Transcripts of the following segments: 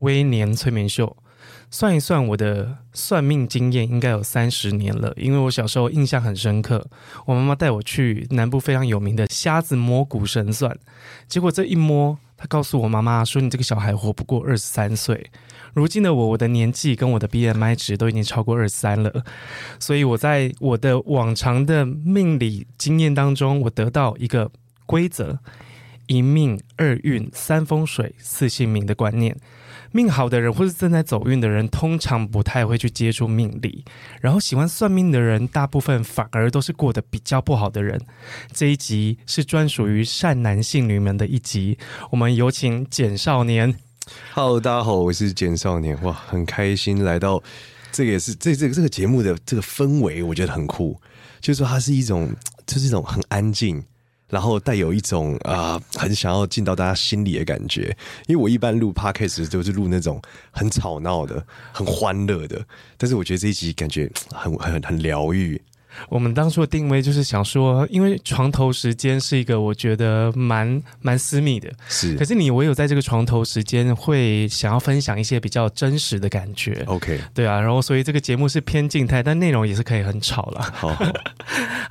威廉催眠秀，算一算我的算命經驗，應該有三十年了。因為我小時候印象很深刻，我媽媽帶我去南部非常有名的瞎子摸骨神算，結果這一摸，她告訴我媽媽說：“你這個小孩活不過二十三歲。”如今的我，我的年紀跟我的 BMI 值都已經超過二十三了，所以我在我的往常的命理經驗當中，我得到一個規則：一命、二運、三風水、四姓名的觀念。命好的人，或是正在走運的人，通常不太會去接觸命理。然後喜歡算命的人，大部分反而都是過得比較不好的人。這一集是專屬於善男信女們的一集。我們有請簡少年。Hello，大家好，我是簡少年。哇，很開心來到這個，這也是這這個這個節目的這個氛圍，我覺得很酷。就是說，它是一種，就是一種很安靜。然後帶有一種啊、呃，很想要進到大家心裡的感覺。因為我一般錄 podcast 都是錄那種很吵鬧的、很歡樂的，但是我覺得這一集感覺很、很、很、很療癒。我們當初的定位就是想說，因為床頭時間是一個我覺得蠻蠻私密的，是。可是你唯有在這個床頭時間會想要分享一些比較真實的感覺。OK，對啊，然後所以這個節目是偏靜態，但內容也是可以很吵了。好,好，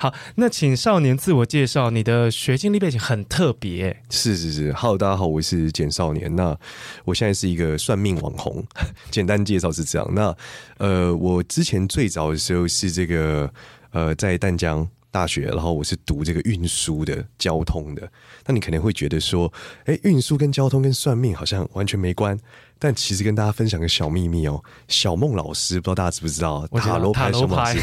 好，那請少年自我介紹，你的學經歷背景很特別、欸。是是是，Hello，大家好，我是簡少年。那我現在是一個算命網紅，簡單介紹是這樣。那呃，我之前最早的時候是這個。呃，在淡江大學，然後我是讀這個運輸的交通的。那你可能會覺得說，哎，運輸跟交通跟算命好像完全沒關。但其實跟大家分享個小祕密哦，小孟老師不知道大家知不知道？塔羅塔羅派小孟老師，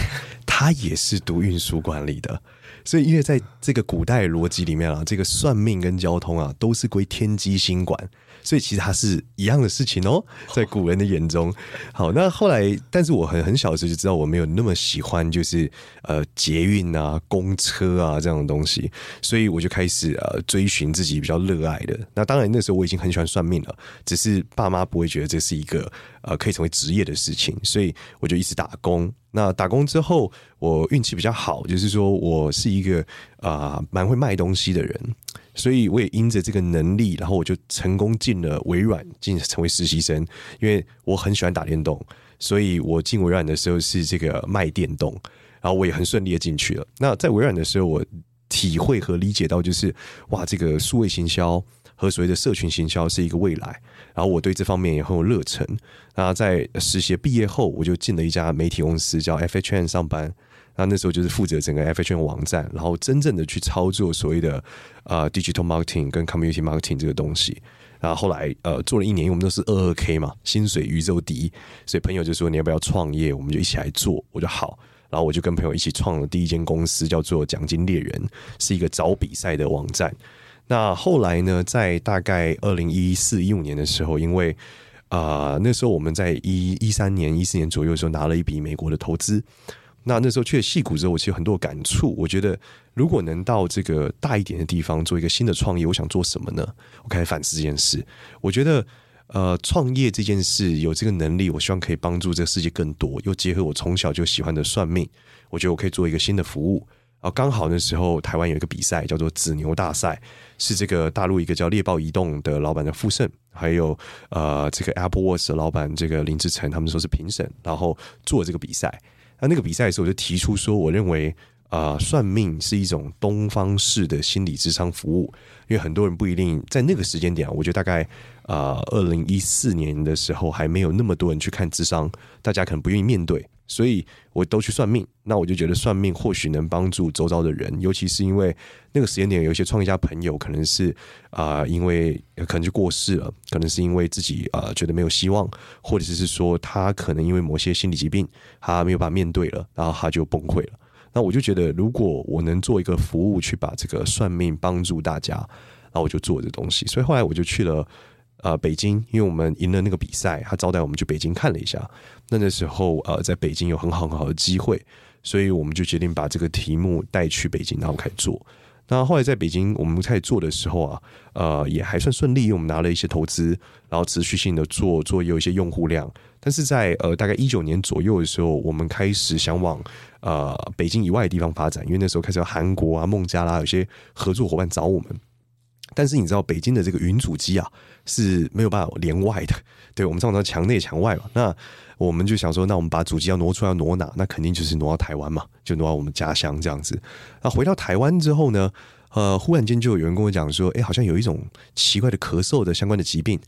他也是讀運輸管理的。所以因為在這個古代邏輯裡面啊，這個算命跟交通啊，都是歸天機星管。所以其實它是一樣的事情哦，在古人的眼中，好，那後來，但是我很很小的時候就知道我沒有那麼喜歡，就是呃捷運啊、公車啊這樣的東西，所以我就開始呃追尋自己比較熱愛的。那當然那時候我已經很喜歡算命了，只是爸媽不會覺得這是一個呃可以成為職業的事情，所以我就一直打工。那打工之後，我運氣比較好，就是說我是一個啊、呃、蠻會賣東西的人。所以我也因着這個能力，然後我就成功進了微軟，進成為實習生。因為我很喜歡打電動，所以我進微軟的時候是這個賣電動，然後我也很順利的進去了。那在微軟的時候，我體會和理解到就是，哇，這個數位行銷和所謂的社群行銷是一個未來。然後我對這方面也很有熱忱。那在實習畢業後，我就進了一家媒體公司叫 FHM 上班。那那時候就是負責整個 FHM 網站，然後真正的去操作所謂的呃 digital marketing 跟 community marketing 這個東西。然後後來呃做了一年，因為我們都是二二 K 嘛，薪水宇宙第一，所以朋友就說你要不要創業？我們就一起來做，我就好。然後我就跟朋友一起創了第一間公司，叫做獎金獵人，是一個找比賽的網站。那後來呢，在大概二零一四一五年的時候，因為啊、呃、那時候我們在一一三年一四年左右的時候拿了一筆美國的投資。那那時候去了矽谷之後，我其實有很多感觸。我覺得如果能到這個大一點的地方做一個新的創業，我想做什麼呢？我開始反思這件事。我覺得，呃，創業這件事有這個能力，我希望可以幫助這個世界更多。又結合我從小就喜歡的算命，我覺得我可以做一個新的服務。呃，剛好那時候台灣有一個比賽叫做“紫牛大賽”，是這個大陸一個叫獵豹移動的老闆的傅盛，還有呃這個 AppWorks 的老闆這個林志成，他們說是評審，然後做這個比賽。那那個比賽的時候，我就提出說，我認為啊、呃，算命是一種東方式的心理諮商服務，因為很多人不一定在那個時間點、啊。我覺得大概啊，二零一四年的時候還沒有那麼多人去看諮商，大家可能不願意面對。所以，我都去算命。那我就覺得算命或許能幫助周遭的人，尤其是因為那個時間點，有一些創業家朋友可能是啊、呃，因為可能就過世了，可能是因為自己啊、呃，覺得沒有希望，或者是說他可能因為某些心理疾病，他沒有辦法面對了，然後他就崩潰了。那我就覺得，如果我能做一個服務去把這個算命幫助大家，然後我就做這東西。所以後來我就去了。啊、呃，北京，因為我們贏了那個比賽，他招待我們去北京看了一下。那那時候，呃，在北京有很好很好的機會，所以我們就決定把這個題目帶去北京，然後開始做。那後來在北京我們開始做的時候啊，呃，也還算順利，我們拿了一些投資，然後持續性的做做，有一些用戶量。但是在呃大概一九年左右的時候，我們開始想往呃北京以外的地方發展，因為那時候開始有韓國啊、孟加拉有些合作夥伴找我們。但是你知道，北京的這個雲主機啊。是沒有辦法連外的，對，我們常常講牆內牆外嘛。那我們就想說，那我們把主機要挪出來，要挪哪？那肯定就是挪到台灣嘛，就挪到我們家鄉這樣子。那、啊、回到台灣之後呢，呃，忽然間就有人跟我講說，誒，好像有一種奇怪的咳嗽的相關的疾病，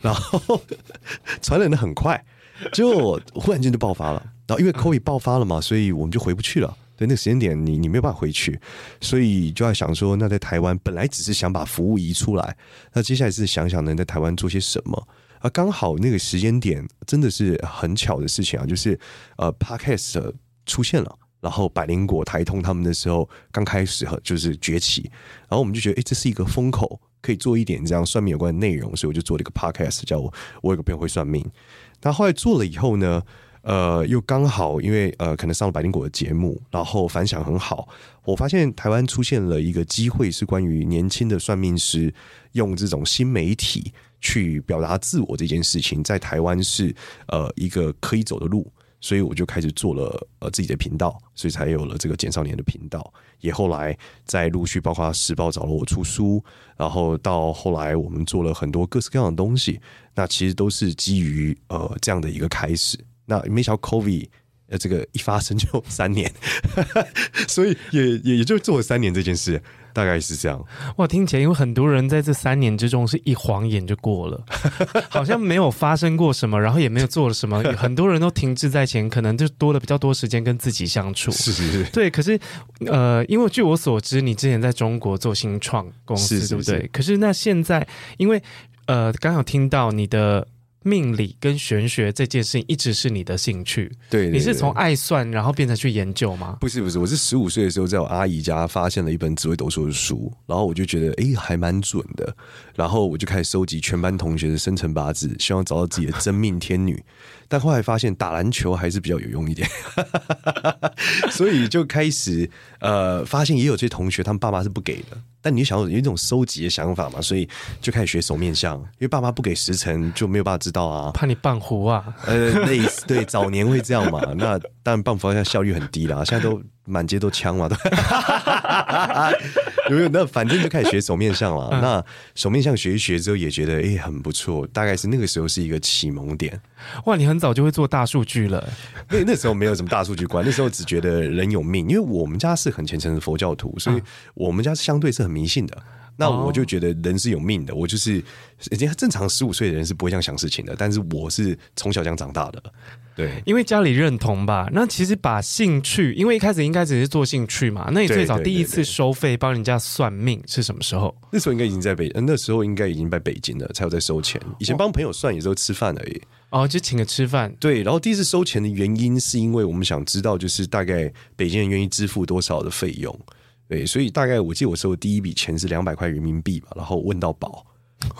然後 傳染的很快，就忽然間就爆發了。然後因為 COVID 爆發了嘛，所以我們就回不去了。對那個時間點你，你你沒有辦法回去，所以就要想說，那在台灣本來只是想把服務移出來，那接下來是想想能在台灣做些什麼。啊，剛好那個時間點真的是很巧的事情啊，就是呃，podcast 出現了，然後百靈果、台通他們的時候剛開始和就是崛起，然後我們就覺得，誒、欸，這是一個風口，可以做一點這樣算命有關的內容，所以我就做了一個 podcast，叫我我有個朋友會算命，那後來做了以後呢。呃，又剛好因為呃，可能上了《百靈果》的節目，然後反響很好。我發現台灣出現了一個機會，是關於年輕的算命師用這種新媒體去表達自我這件事情，在台灣是呃一個可以走的路，所以我就開始做了呃自己的頻道，所以才有了這個“簡少年”的頻道。也後來在陸續包括《時報》找了我出書，然後到後來我們做了很多各式各樣的東西，那其實都是基於呃這樣的一個開始。那沒想到 COVID 呃，這個一發生就三年， 所以也也也就做了三年這件事，大概是這樣。哇，聽起來，因為很多人在這三年之中是一晃眼就過了， 好像沒有發生過什麼，然後也沒有做了什麼， 很多人都停滯在前，可能就多了比較多時間跟自己相處。是是是，是，對。可是，呃，因為據我所知，你之前在中國做新創公司，對不對？是不是？可是那現在，因為呃，剛好聽到你的，命理跟玄學這件事情一直是你的興趣，對，對，你是從愛算然後變成去研究嗎？不是不是，我是十五歲的時候在我阿姨家發現了一本《紫微斗數》的書，然後我就覺得哎，還蠻準的，然後我就開始收集全班同學的生辰八字，希望找到自己的真命天女， 但後來發現打籃球還是比較有用一點， 所以就開始呃，發現也有這些同學他們爸媽是不給的。但你就想要有一種收集的想法嘛，所以就開始學手面相，因為爸媽不給時辰就沒有辦法知道啊，怕你半糊啊，呃 類，對，早年會這樣嘛， 那當然半胡效率很低啦，現在都。滿街都槍嘛，哈哈哈哈哈！ 有沒有？那反正就開始學手面相了。嗯、那手面相學一學之後，也覺得哎、欸、很不錯。大概是那個時候是一個啟蒙點。哇，你很早就會做大數據了。那那時候沒有什麼大數據觀， 那時候只覺得人有命。因為我們家是很虔誠的佛教徒，所以我們家是相對是很迷信的。嗯那我就覺得人是有命的，哦、我就是人家、欸、正常十五歲的人是不會這樣想事情的，但是我是從小這樣長大的，對，因為家裡認同吧。那其實把興趣，因為一開始應該只是做興趣嘛。那你最早第一次收費幫人家算命是什麼時候？對對對對，那時候應該已經在北、呃、那時候應該已經在北京了，才有在收錢。以前幫朋友算也是吃飯而已。哦，就請個吃飯。對，然後第一次收錢的原因是因為我們想知道，就是大概北京人願意支付多少的費用。對，所以大概我記得我收第一筆錢是兩百塊人民幣吧，然後問到寶，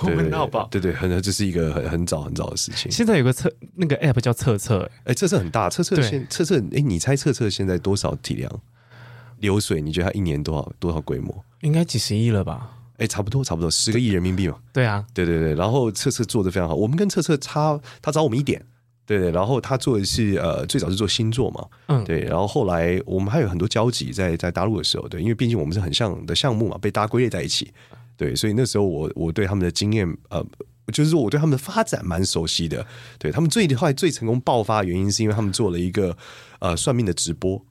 問到寶，對對，對，可能這是一個很很早很早的事情。現在有個測那個 App 叫測測、欸，誒、欸，測測很大，測測現測測，誒、欸，你猜測測現在多少體量？流水？你覺得它一年多少多少規模？應該幾十億了吧？誒、欸，差不多差不多十個億人民幣嘛對？對啊，對對對，然後測測做得非常好，我們跟測測差，他找我們一點。對對，然後他做的是呃，最早是做星座嘛，嗯，對，然後後來我們還有很多交集在在大陸的時候，對，因為畢竟我們是很像的項目嘛，被大家歸類在一起，對，所以那時候我我對他們的經驗呃，就是說我對他們的發展蠻熟悉的。對，他們最快最成功爆發的原因是因為他們做了一個呃算命的直播，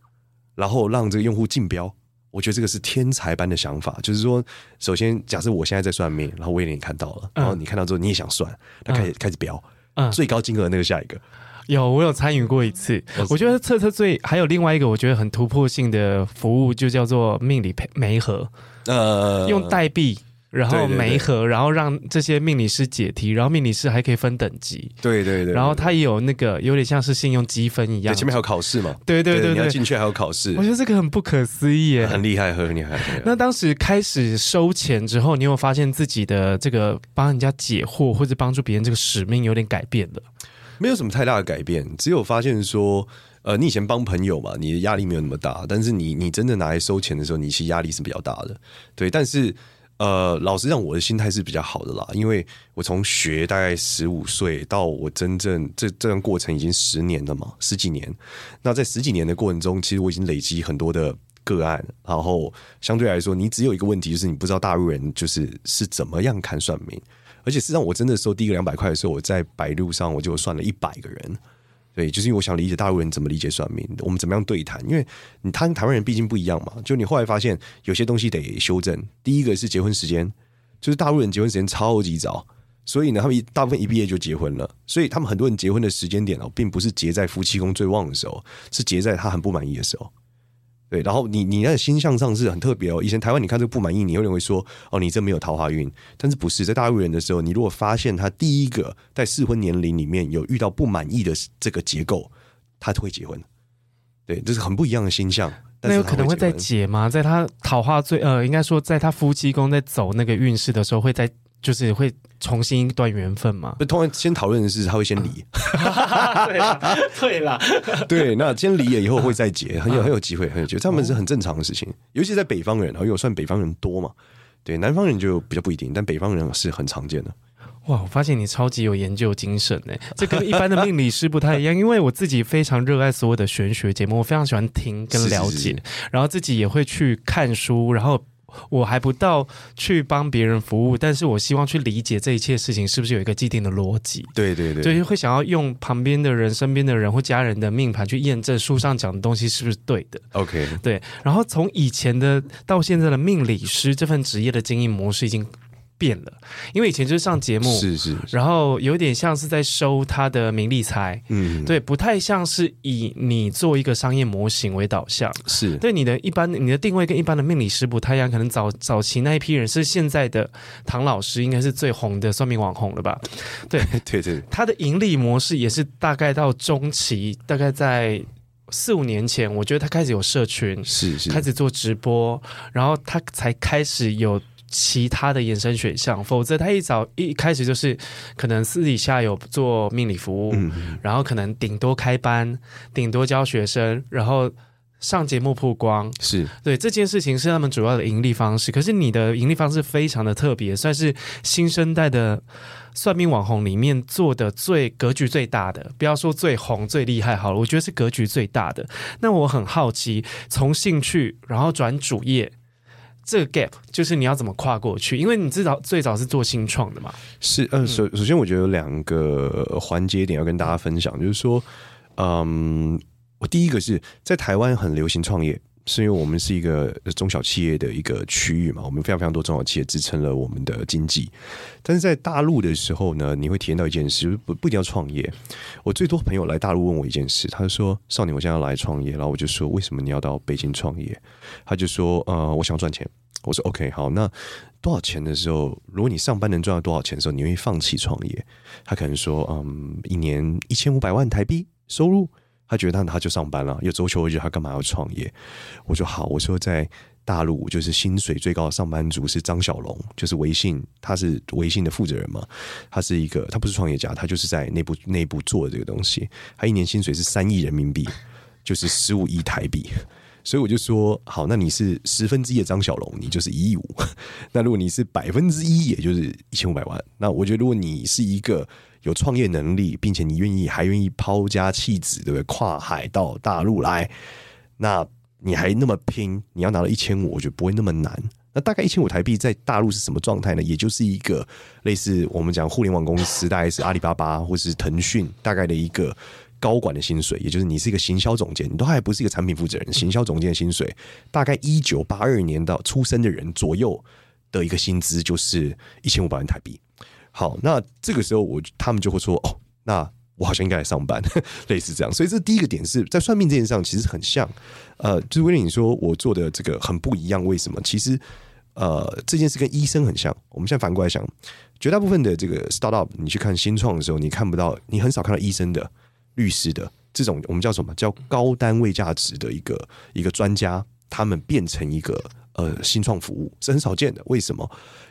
然後讓這個用戶競標，我覺得這個是天才般的想法。就是說，首先假設我現在在算命，然後我也給你看到了，然後你看到之後你也想算，那、嗯、開始、嗯、開始標。嗯，最高金額那個下一個，嗯、有我有參與過一次。嗯、我覺得測測最還有另外一個我覺得很突破性的服務，就叫做命理媒合，呃、嗯，用代幣。然後媒合，然後讓這些命理師解題，然後命理師還可以分等級。對對對，對。然後他也有那個有點像是信用積分一樣。前面還有考試嘛？對對對，對對對，你要進去還有考試。我覺得這個很不可思議耶。很厲害，很厲害，很厲害。那當時開始收錢之後，你有發現自己的這個幫人家解惑或者幫助別人這個使命有點改變了？沒有什麼太大的改變，只有發現說，呃，你以前幫朋友嘛，你的壓力沒有那麼大，但是你你真的拿來收錢的時候，你其實壓力是比較大的。對，但是。呃，老實講，我的心態是比較好的啦，因為我從學大概十五歲到我真正這這段過程已經十年了嘛，十幾年。那在十幾年的過程中，其實我已經累積很多的個案。然後相對來說，你只有一個問題，就是你不知道大陸人就是是怎麼樣看算命。而且實際上，我真的收第一個兩百塊的時候，我在百度上我就算了一百個人。對，就是因為我想理解大陸人怎麼理解算命，我們怎麼樣對談，因為你他跟台灣人畢竟不一樣嘛。就你後來發現有些東西得修正。第一個是結婚時間，就是大陸人結婚時間超級早，所以呢，他們一大部分一畢業就結婚了，所以他們很多人結婚的時間點哦，並不是結在夫妻宮最旺的時候，是結在他很不滿意的時候。對，然後你你那個星象上是很特別哦。以前台灣，你看這個不滿意，你又認為說哦，你這沒有桃花運。但是不是在大陸人的時候，你如果發現他第一個在適婚年齡裡面有遇到不滿意的這個結構，他就會結婚。對，這是很不一樣的星象。那有可能會在結嗎？在他桃花最呃，應該說在他夫妻宮在走那個運勢的時候，會在。就是會重新一段緣分嘛？那通常先討論的是他會先離、啊， 對啦， 對，那先離了以後會再結，很有很有機會，很有機會。他們是很正常的事情，哦、尤其在北方人，因為我算北方人多嘛，對，南方人就比較不一定，但北方人是很常見的。哇，我發現你超級有研究精神哎、欸，這跟一般的命理師不太一樣， 因為我自己非常熱愛所有的玄學節目，我非常喜歡聽跟了解，是是是是，然後自己也會去看書，然後。我還不到去幫別人服務，但是我希望去理解這一切事情是不是有一個既定的邏輯。對對對，就會想要用旁邊的人、身邊的人或家人的命盤去驗證書上講的東西是不是對的。OK，對。然後從以前的到現在的命理師這份職業的經營模式已經。變了，因為以前就是上節目，是是，是，然後有點像是在收他的名利財，嗯，對，不太像是以你做一個商業模型為導向，是對，你的一般你的定位跟一般的命理師不太一樣，可能早早期那一批人是現在的唐老師應該是最紅的算命網紅了吧，對。 對對，對，他的盈利模式也是大概到中期，大概在四五年前，我覺得他開始有社群，是是，開始做直播，然後他才開始有其他的延伸選項，否則他一早一開始就是可能私底下有做命理服務、嗯，然後可能頂多開班，頂多教學生，然後上節目曝光。是對，這件事情是他們主要的盈利方式。可是你的盈利方式非常的特別，算是新生代的算命網紅裡面做的最格局最大的。不要說最紅最厲害好了，我覺得是格局最大的。那我很好奇，從興趣然後轉主業。這個 gap 就是你要怎麼跨過去？因為你至少最早是做新創的嘛。是，呃、嗯，首首先我覺得有兩個環節點要跟大家分享，就是說，嗯，我第一個是在台灣很流行創業。是因為我們是一個中小企業的一個區域嘛，我們非常非常多中小企業支撐了我們的經濟。但是在大陸的時候呢，你會體驗到一件事，不不一定要創業。我最多朋友來大陸問我一件事，他就說：“少年，我現在要來創業。”然後我就說：“為什麼你要到北京創業？”他就說：“呃，我想賺錢。”我說：“OK，好，那多少錢的時候，如果你上班能賺到多少錢的時候，你願意放棄創業？”他可能說：“嗯，一年一千五百萬台幣收入。”他覺得他就上班了，又周秋，我覺得他幹嘛要創業？我說好，我說在大陸就是薪水最高的上班族是張小龍，就是微信，他是微信的負責人嘛。他是一個他不是創業家，他就是在內部內部做的這個東西，他一年薪水是三億人民幣，就是十五億台幣。所以我就說，好，那你是十分之一的張小龍，你就是一億五。那如果你是百分之一，也就是一千五百萬。那我覺得，如果你是一個有創業能力，並且你願意還願意拋家棄子，對不對？跨海到大陸來，那你還那麼拼，你要拿到一千五，我覺得不會那麼難。那大概一千五台幣在大陸是什麼狀態呢？也就是一個類似我們講互聯網公司，大概是阿里巴巴或是騰訊，大概的一個。高管的薪水，也就是你是一個行銷總監，你都還不是一個產品負責人。行銷總監的薪水大概一九八二年到出生的人左右的一個薪資，就是一千五百萬台幣。好，那這個時候我他們就會說：“哦，那我好像應該來上班。”類似這樣，所以這第一個點是在算命這件事上其實很像。呃，就是威你說我做的這個很不一樣，為什麼？其實呃，這件事跟醫生很像。我們現在反過來想，絕大部分的這個 startup，你去看新創的時候，你看不到，你很少看到醫生的。律師的這種我們叫什麼？叫高單位價值的一個一個專家，他們變成一個呃新創服務是很少見的。為什麼？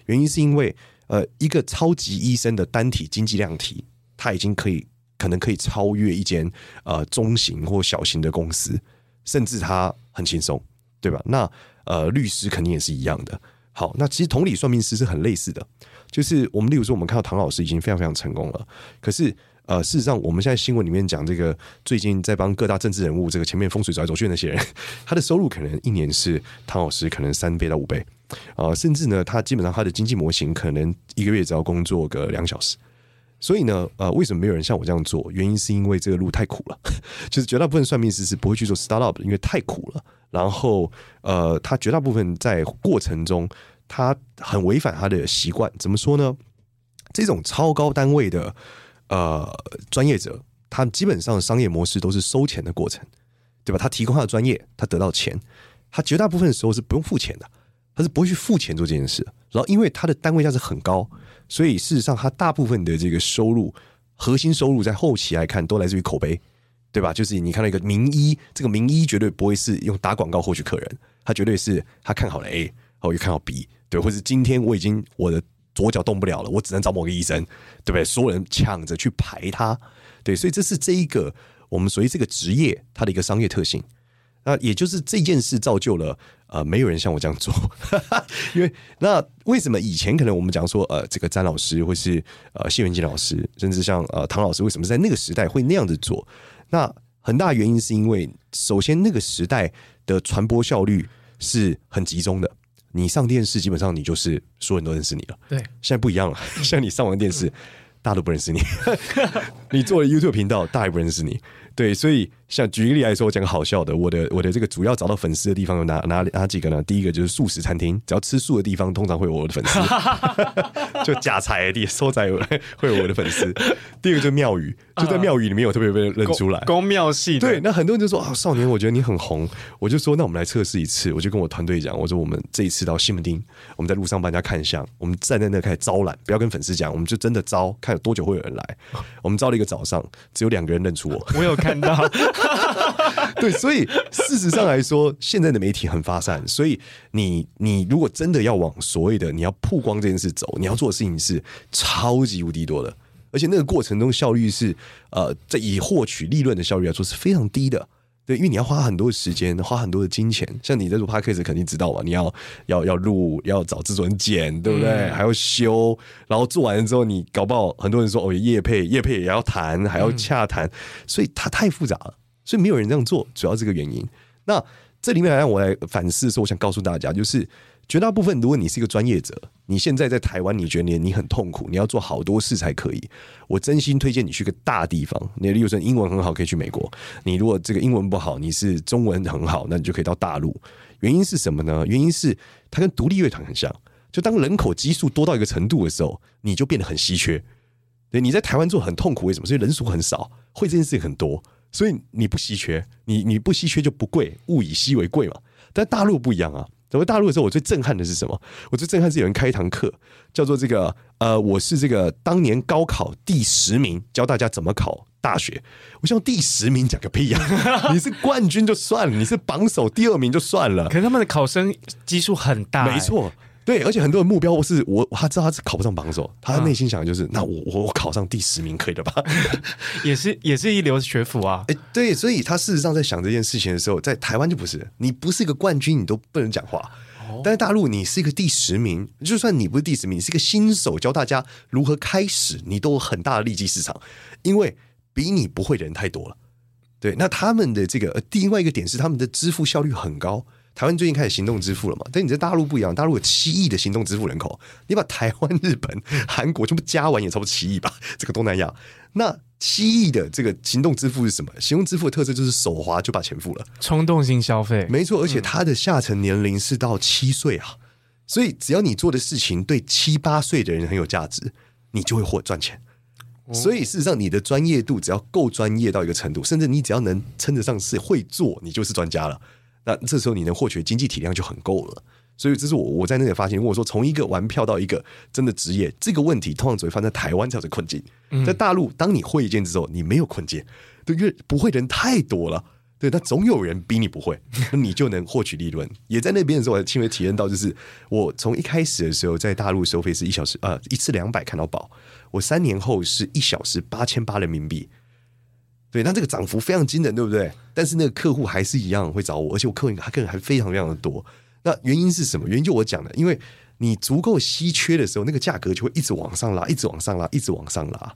原因是因為呃，一個超級醫生的單體經濟量體，他已經可以可能可以超越一間呃中型或小型的公司，甚至他很輕鬆，對吧？那呃，律師肯定也是一樣的。好，那其實同理，算命師是很類似的。就是我們例如說，我們看到唐老師已經非常非常成功了，可是……呃，事實上，我們現在新聞裡面講這個，最近在幫各大政治人物這個前面風水走來走去那些人，他的收入可能一年是唐老師可能三倍到五倍，呃，甚至呢，他基本上他的經濟模型可能一個月只要工作個兩小時。所以呢，呃，為什麼沒有人像我這樣做？原因是因為這個路太苦了，就是絕大部分算命師是不會去做 startup，因為太苦了。然後，呃，他絕大部分在過程中，他很違反他的習慣。怎麼說呢？這種超高單位的。呃，專業者他基本上的商業模式都是收錢的過程，對吧？他提供他的專業，他得到錢，他絕大部分的時候是不用付錢的，他是不會去付錢做這件事。然後，因為他的單位價值很高，所以事實上他大部分的這個收入，核心收入在後期來看都來自於口碑，對吧？就是你看到一個名醫，這個名醫絕對不會是用打廣告獲取客人，他絕對是他看好了 A，然後又看好 B，對，或者今天我已經我的。左腳動不了了，我只能找某個醫生，對不對？所有人搶着去排他，對，所以這是這一個我們所謂這個職業它的一個商業特性。那也就是這件事造就了，呃，沒有人像我這樣做， 因為那為什麼以前可能我們講說，呃，這個詹老師或是呃謝沅瑾老師，甚至像呃唐老師，為什麼在那個時代會那樣子做？那很大原因是因為，首先那個時代的傳播效率是很集中的。你上電視，基本上你就是所有人都認識你了。對，現在不一樣了，像你上完電視， 大家都不認識你。 你做了 YouTube 頻道，大家也不認識你。對，所以。像舉一個例子來說，我講個好笑的。我的我的這個主要找到粉絲的地方有哪哪哪幾個呢？第一個就是素食餐廳，只要吃素的地方，通常會有我的粉絲。 就假菜的地方，收菜會會有我的粉絲。 第二個就是廟宇，就在廟宇裡面有特別被認出來。公廟系。對，那很多人就說啊、哦，少年，我覺得你很紅。我就說，那我們來測試一次。我就跟我團隊講，我說我們這一次到西門町，我們在路上幫人家看相，我們站在那開始招攬，不要跟粉絲講，我們就真的招，看有多久會有人來。我們招了一個早上，只有兩個人認出我。我有看到。 對，所以事實上來說，現在的媒體很發散，所以你你如果真的要往所謂的你要曝光這件事走，你要做的事情是超級無敵多的，而且那個過程中效率是呃，在以獲取利潤的效率來說是非常低的，對，因為你要花很多的時間，花很多的金錢，像你在做 podcast，肯定知道嘛，你要要要錄，要找制作人剪，對不對，嗯，還要修，然後做完了之後，你搞不好很多人說哦，業配業配也要談，還要洽談，嗯，所以它太複雜了。所以沒有人這樣做，主要這個原因。那這裡面來讓我來反思說，我想告訴大家，就是絕大部分，如果你是一個專業者，你現在在台灣，你覺得你很痛苦，你要做好多事才可以。我真心推薦你去個大地方。你例如說英文很好，可以去美國；你如果這個英文不好，你是中文很好，那你就可以到大陸。原因是什麼呢？原因是它跟獨立樂團很像。就當人口基數多到一個程度的時候，你就變得很稀缺。對，你在台灣做很痛苦，為什麼？所以人數很少，會這件事很多。所以你不稀缺，你你不稀缺就不貴，物以稀為貴嘛。但大陸不一樣啊！走到大陸的時候，我最震撼的是什麼？我最震撼是有人開一堂課，叫做這個呃，我是這個當年高考第十名，教大家怎麼考大學。我希望第十名講個屁呀、啊！ 你是冠軍就算了，你是榜首第二名就算了。可是他們的考生基數很大、欸，沒錯。對，而且很多人目標是我，他知道他是考不上榜首，他內心想的就是，啊、那我我考上第十名可以了吧？ 也是也是一流學府啊。誒、欸，對，所以他事實上在想這件事情的時候，在台灣就不是，你不是一個冠軍，你都不能講話。哦、但是大陸你是一個第十名，就算你不是第十名，你是一個新手，教大家如何開始，你都有很大的利基市場，因為比你不會的人太多了。對，那他們的這個另外一個點是，他們的支付效率很高。台灣最近開始行動支付了嘛？但你在大陸不一樣，大陸有七億的行動支付人口。你把台灣、日本、韓國全部加完也差不多七億吧？這個東南亞，那七億的這個行動支付是什麼？行動支付的特色就是手滑就把錢付了，衝動性消費，沒錯。而且它的下層年齡是到七歲啊、嗯，所以只要你做的事情對七八歲的人很有價值，你就會獲賺錢。所以事實上，你的專業度只要夠專業到一個程度，甚至你只要能稱得上是會做，你就是專家了。那這時候你能獲取經濟體量就很夠了，所以這是我我在那裡發現。如果說從一個玩票到一個真的職業，這個問題通常只會發生在台灣才是困境，在大陸當你會一件之後，你沒有困境，對，因為不會的人太多了，對，但總有人比你不會，那你就能獲取利潤。 也在那邊的時候我還，就是，我親身體驗到，就是我從一開始的時候在大陸收費是一小時呃一次兩百看到飽，我三年後是一小時八千八人民幣。對，那這個漲幅非常驚人，對不對？但是那個客戶還是一樣會找我，而且我客戶還客人還非常非常的多。那原因是什麼？原因就我講的，因為你足夠稀缺的時候，那個價格就會一直往上拉，一直往上拉，一直往上拉。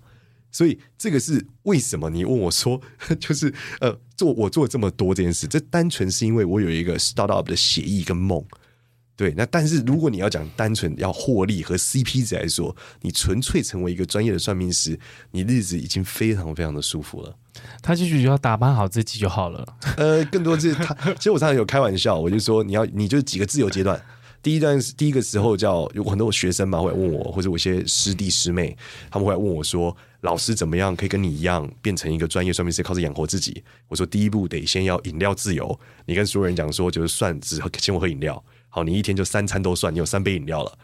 所以這個是為什麼，你問我說，就是呃，做我做這麼多這件事，這單純是因為我有一個 start up 的協議跟夢。對，那但是如果你要講單純要獲利和 CP 值來說，你純粹成為一個專業的算命師，你日子已經非常非常的舒服了。他就是要打扮好自己就好了。 呃，更多是他，其實我常常有開玩笑，我就說你要，你就幾個自由階段。第一段是第一個時候叫有很多學生嘛，會來問我，或者我一些師弟師妹，他們會來問我說，老師怎麼樣可以跟你一樣變成一個專業算命師，靠着養活自己？我說第一步得先要飲料自由，你跟所有人講說，就是算子請我喝飲料。哦，你一天就三餐都算，你有三杯飲料了。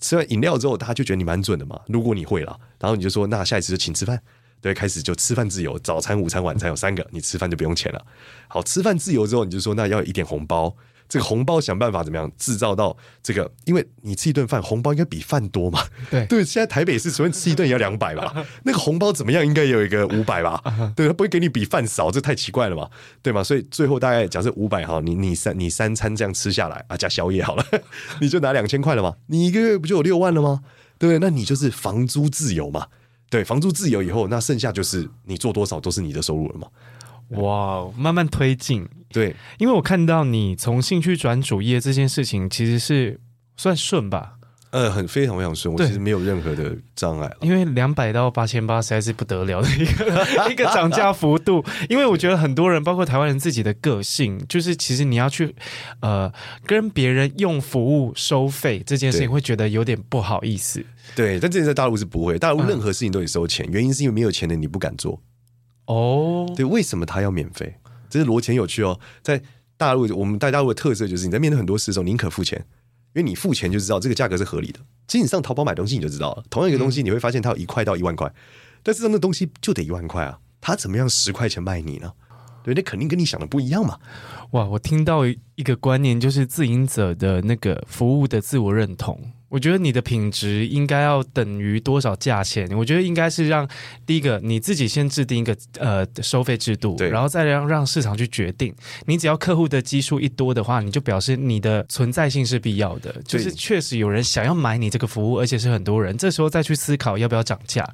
吃完飲料之後，大家就覺得你蠻準的嘛。如果你會了，然後你就說，那下一次就請吃飯。對，開始就吃飯自由，早餐、午餐、晚餐有三個，你吃飯就不用錢了。好，吃飯自由之後，你就說，那要一點紅包。這個紅包想辦法怎麼樣制造到這個？因為你吃一頓飯，紅包應該比飯多嘛？對，對，現在台北市隨便吃一頓也要兩百吧？ 那個紅包怎麼樣？應該也有一個五百吧？對，他不會給你比飯少，這太奇怪了嘛？對嘛，所以最後大概假設五百哈，你你三你三餐這樣吃下來啊，加宵夜好了， 你就拿兩千塊了嘛。你一個月不就有六萬了嗎？對，那你就是房租自由嘛？對，房租自由以後，那剩下就是你做多少都是你的收入了嘛？哇、wow,，慢慢推進。對，因為我看到你從興趣轉主業這件事情，其實是算順吧？呃，很非常非常順。我其實沒有任何的障礙。因為兩百到八千八，實在是不得了的一個 一個漲價幅度。 因為我覺得很多人，包括台灣人自己的個性，就是其實你要去呃跟別人用服務收費這件事情，會覺得有點不好意思。對，但這件事在大陸是不會，大陸任何事情都得收錢、呃，原因是因為沒有錢的你不敢做。哦、oh,，對，為什麼他要免費？這是羅前有趣哦，在大陸，我們在大陸的特色就是，你在面對很多事的時候，寧可付錢，因為你付錢就知道這個價格是合理的。其實你上淘寶買東西，你就知道了，同樣一個東西你會發現它有一塊到一萬塊，嗯、但是那東西就得一萬塊啊，他怎麼樣十塊錢賣你呢？對，那肯定跟你想的不一樣嘛。哇，我聽到一個觀念，就是自營者的那個服務的自我認同。我覺得你的品質應該要等於多少價錢？我覺得應該是讓第一個你自己先制定一個呃收費制度，然後再讓讓市場去決定。你只要客戶的基數一多的話，你就表示你的存在性是必要的，就是確實有人想要買你這個服務，而且是很多人。這時候再去思考要不要漲價，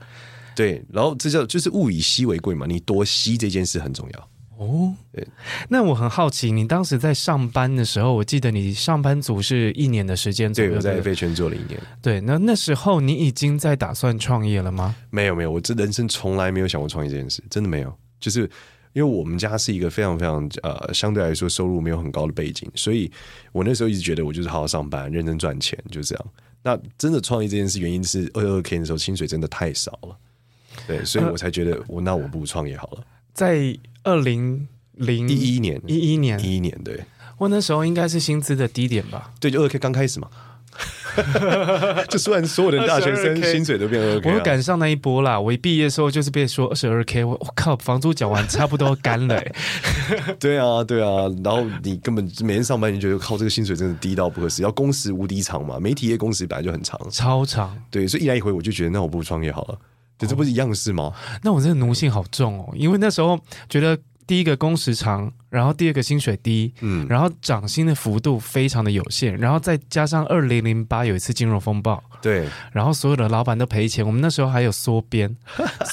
對，然後這叫就是物以稀為貴嘛，你多稀這件事很重要。哦，對，那我很好奇，你當時在上班的時候，我記得你上班族是一年的時間左右，對對對，我在貝泉做了一年。對，那那時候你已經在打算創業了嗎？沒有，沒有，我這人生從來沒有想過創業這件事，真的沒有。就是因為我們家是一個非常非常呃，相對來說收入沒有很高的背景，所以我那時候一直覺得我就是好好上班，認真賺錢，就這樣。那真的創業這件事，原因是二二 K 的時候薪水真的太少了，對，所以我才覺得、呃、我那我不如創業好了。在二零零一一年，一一年，一一年，對，我那時候應該是薪資的低點吧？對，就二 k 剛開始嘛， 就雖然所有的大學生薪水都變二 k，、啊、我趕上那一波啦。我一畢業的時候就是被說二十二 k，我我靠，房租繳完差不多乾了、欸。 對啊，對啊，然後你根本每天上班，你覺得靠這個薪水真的低到不合適，要工時無敵長嘛？媒體業工時本來就很長，超長。對，所以一來一回，我就覺得那我不如創業好了。這不是一樣的事嗎？哦？那我真的奴性好重哦，因為那時候覺得。第一個工時長，然後第二個薪水低，嗯，然後漲薪的幅度非常的有限，然後再加上二零零八有一次金融風暴，對，然後所有的老闆都賠錢，我們那時候還有縮編，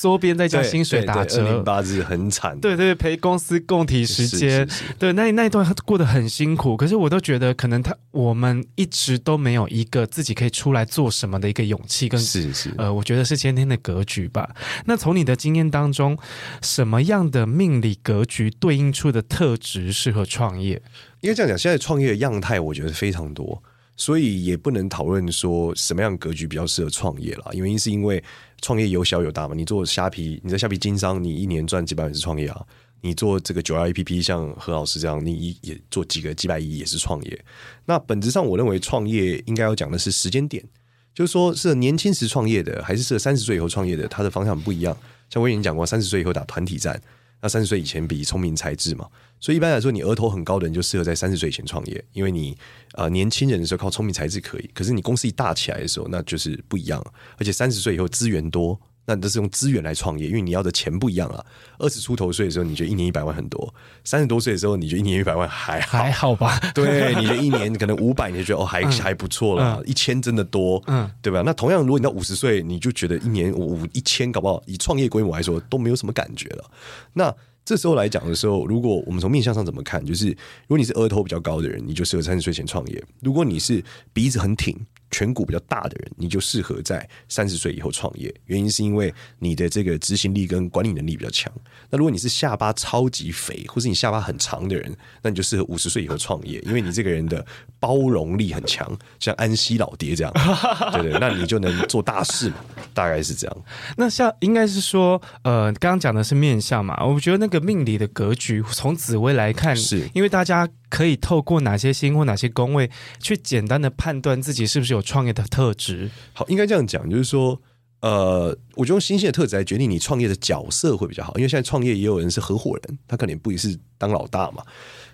縮編再加薪水打折，二零零八是很慘的，對，對對，賠公司共體時間，是是是是對，那那一段過得很辛苦，可是我都覺得可能他我們一直都沒有一個自己可以出來做什麼的一個勇氣跟是是，呃，我覺得是先天的格局吧。那從你的經驗當中，什麼樣的命理格？格局對應出的特質適合創業，應該這樣講，現在創業的樣態我覺得非常多，所以也不能討論說什麼樣格局比較適合創業了。原因是因為創業有小有大嘛，你做蝦皮，你在蝦皮經商，你一年賺幾百萬是創業啊；你做這個九幺 A P P，像何老師這樣，你也做幾個幾百億也是創業。那本質上，我認為創業應該要講的是時間點，就是說是年輕時創業的，還是適合三十歲以後創業的，它的方向不一樣。像我已經講過，三十歲以後打團體戰。那三十歲以前比聰明才智嘛，所以一般來說，你額頭很高的人就適合在三十歲以前創業，因為你啊、呃，年輕人的時候靠聰明才智可以。可是你公司一大起來的時候，那就是不一樣，而且三十歲以後資源多。那都是用資源來創業，因為你要的錢不一樣啊。二十出頭歲的時候，你覺得一年一百萬很多；三十多歲的時候，你覺得一年一百萬還好還好吧？ 對，你覺得一年可能五百萬，覺得哦還、嗯、還不錯了。一千真的多，嗯，對吧？那同樣，如果你到五十歲，你就覺得一年五一千，搞不好以創業規模來說都沒有什麼感覺了。那這時候來講的時候，如果我們從面相上怎麼看，就是如果你是額頭比較高的人，你就適合三十歲前創業；如果你是鼻子很挺。顴骨比較大的人，你就適合在三十歲以後創業，原因是因為你的這個執行力跟管理能力比較強。那如果你是下巴超級肥，或是你下巴很長的人，那你就適合五十歲以後創業，因為你這個人的包容力很強，像安西老爹這樣， 對，對對，那你就能做大事嘛，大概是這樣。 那像應該是說，呃，剛剛講的是面相嘛，我覺得那個命理的格局，從紫微來看，是因為大家。可以透過哪些星或哪些宮位去簡單的判斷自己是不是有創業的特質？好，應該這樣講，就是說，呃，我覺得用星星的特質來決定你創業的角色會比較好，因為現在創業也有人是合夥人，他可能不一定是當老大嘛。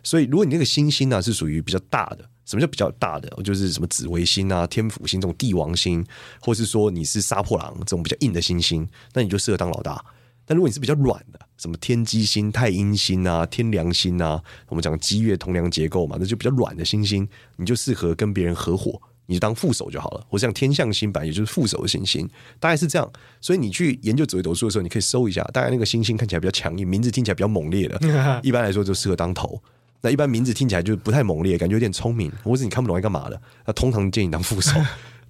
所以如果你那個星星呢啊，是屬於比較大的，什麼叫比較大的？就是什麼紫微星啊、天府星這種帝王星，或是說你是殺破狼這種比較硬的星星，那你就適合當老大。但如果你是比較軟的，什麼天機星、太陰星啊、天梁星啊，我們講機月同梁結構嘛，那就比較軟的星星，你就適合跟別人合夥，你就當副手就好了。或是像天相星板，也就是副手的星星，大概是這樣。所以你去研究紫微斗數的時候，你可以搜一下，大概那個星星看起來比較強硬，名字聽起來比較猛烈的，一般來說就適合當頭。那一般名字聽起來就不太猛烈，感覺有點聰明，或者你看不懂要幹嘛的，那通常建議你當副手。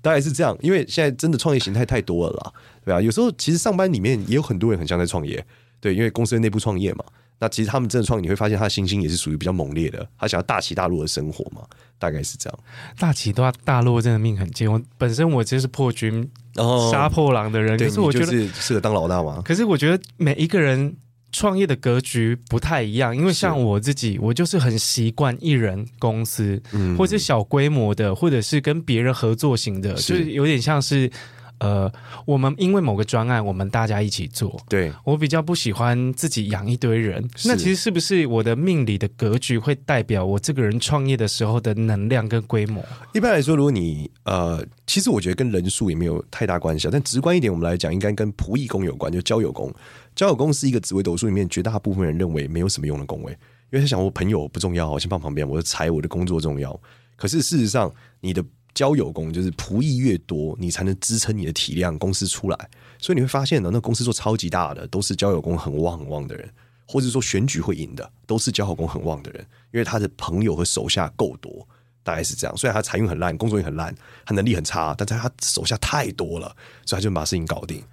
大概是這樣，因為現在真的創業形態太多了啦。對啊，有時候其實上班裡面也有很多人很像在創業，對，因為公司內部創業嘛。那其實他們真的創業，你會發現他的星星也是屬於比較猛烈的，他想要大起大落的生活嘛。大概是這樣，大起大落，真的命很賤。我本身我其實是破軍，然後殺破狼的人，嗯，可是我覺得適合當老大嘛。可是我覺得每一個人。創業的格局不太一樣，因為像我自己，我就是很習慣一人公司，嗯、或者小規模的，或者是跟別人合作型的，是就是有點像是，呃，我們因為某個專案，我們大家一起做。對，我比較不喜歡自己養一堆人。那其實是不是我的命裡的格局會代表我這個人創業的時候的能量跟規模？一般來說，如果你呃，其實我覺得跟人數也沒有太大關係，但直觀一點，我們來講，應該跟僕役宮有關，就交友宮。交友宮是一個紫微斗數裡面絕大部分人認為沒有什麼用的宮位，因為他想我朋友不重要，我先放旁邊。我的財，我的工作重要。可是事實上，你的交友宮就是僕役越多，你才能支撐你的體量，公司出來。所以你會發現呢，那個、公司做超級大的，都是交友宮很旺很旺的人，或者說選舉會贏的，都是交友宮很旺的人，因為他的朋友和手下夠多，大概是這樣。雖然他財運很爛，工作也很爛，他能力很差，但是他手下太多了，所以他就把事情搞定。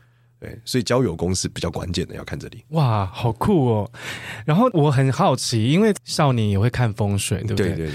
對，所以交友宮比較關鍵的，要看這裡。哇，好酷哦！然後我很好奇，因為少年也會看風水，對不對？對對對，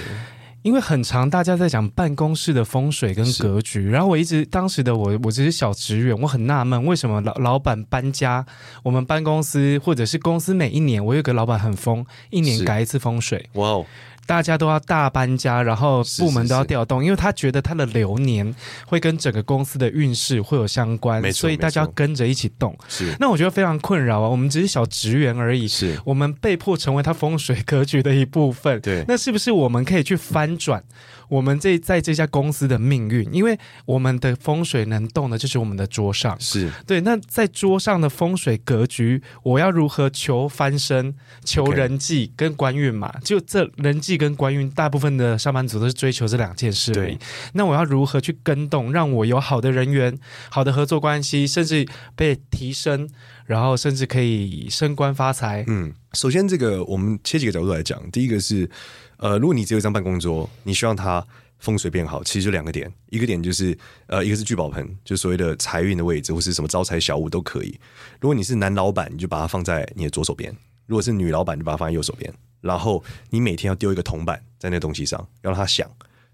因為很常，大家在講辦公室的風水跟格局。然後我一直當時的我，我只是小職員，我很納悶為什麼老老闆搬家，我們搬公司，或者是公司每一年，我有個老闆很瘋，一年改一次風水。哇哦！大家都要大搬家，然後部門都要調動，是是是，因為他覺得他的流年會跟整個公司的運勢會有相關，所以大家要跟着一起動。是，那我覺得非常困擾啊，我們只是小職員而已，是，我們被迫成為他風水格局的一部分。對，那是不是我們可以去翻轉？嗯我們這在這家公司的命運，因為我們的風水能動的，就是我們的桌上。是對，那在桌上的風水格局，我要如何求翻身、求人際跟官運嘛？Okay. 就這人際跟官運，大部分的上班族都是追求這兩件事。對，那我要如何去更動，讓我有好的人緣、好的合作關係，甚至被提升，然後甚至可以升官發財。嗯，首先這個我們切幾個角度來講，第一個是。呃，如果你只有一張辦公桌，你希望它風水變好，其實就兩個點，一個點就是，呃，一個是聚寶盆，就所謂的財運的位置，或是什麼招財小物都可以。如果你是男老闆，你就把它放在你的左手邊；如果是女老闆，就把它放在右手邊。然後你每天要丟一個銅板在那東西上，要讓它響。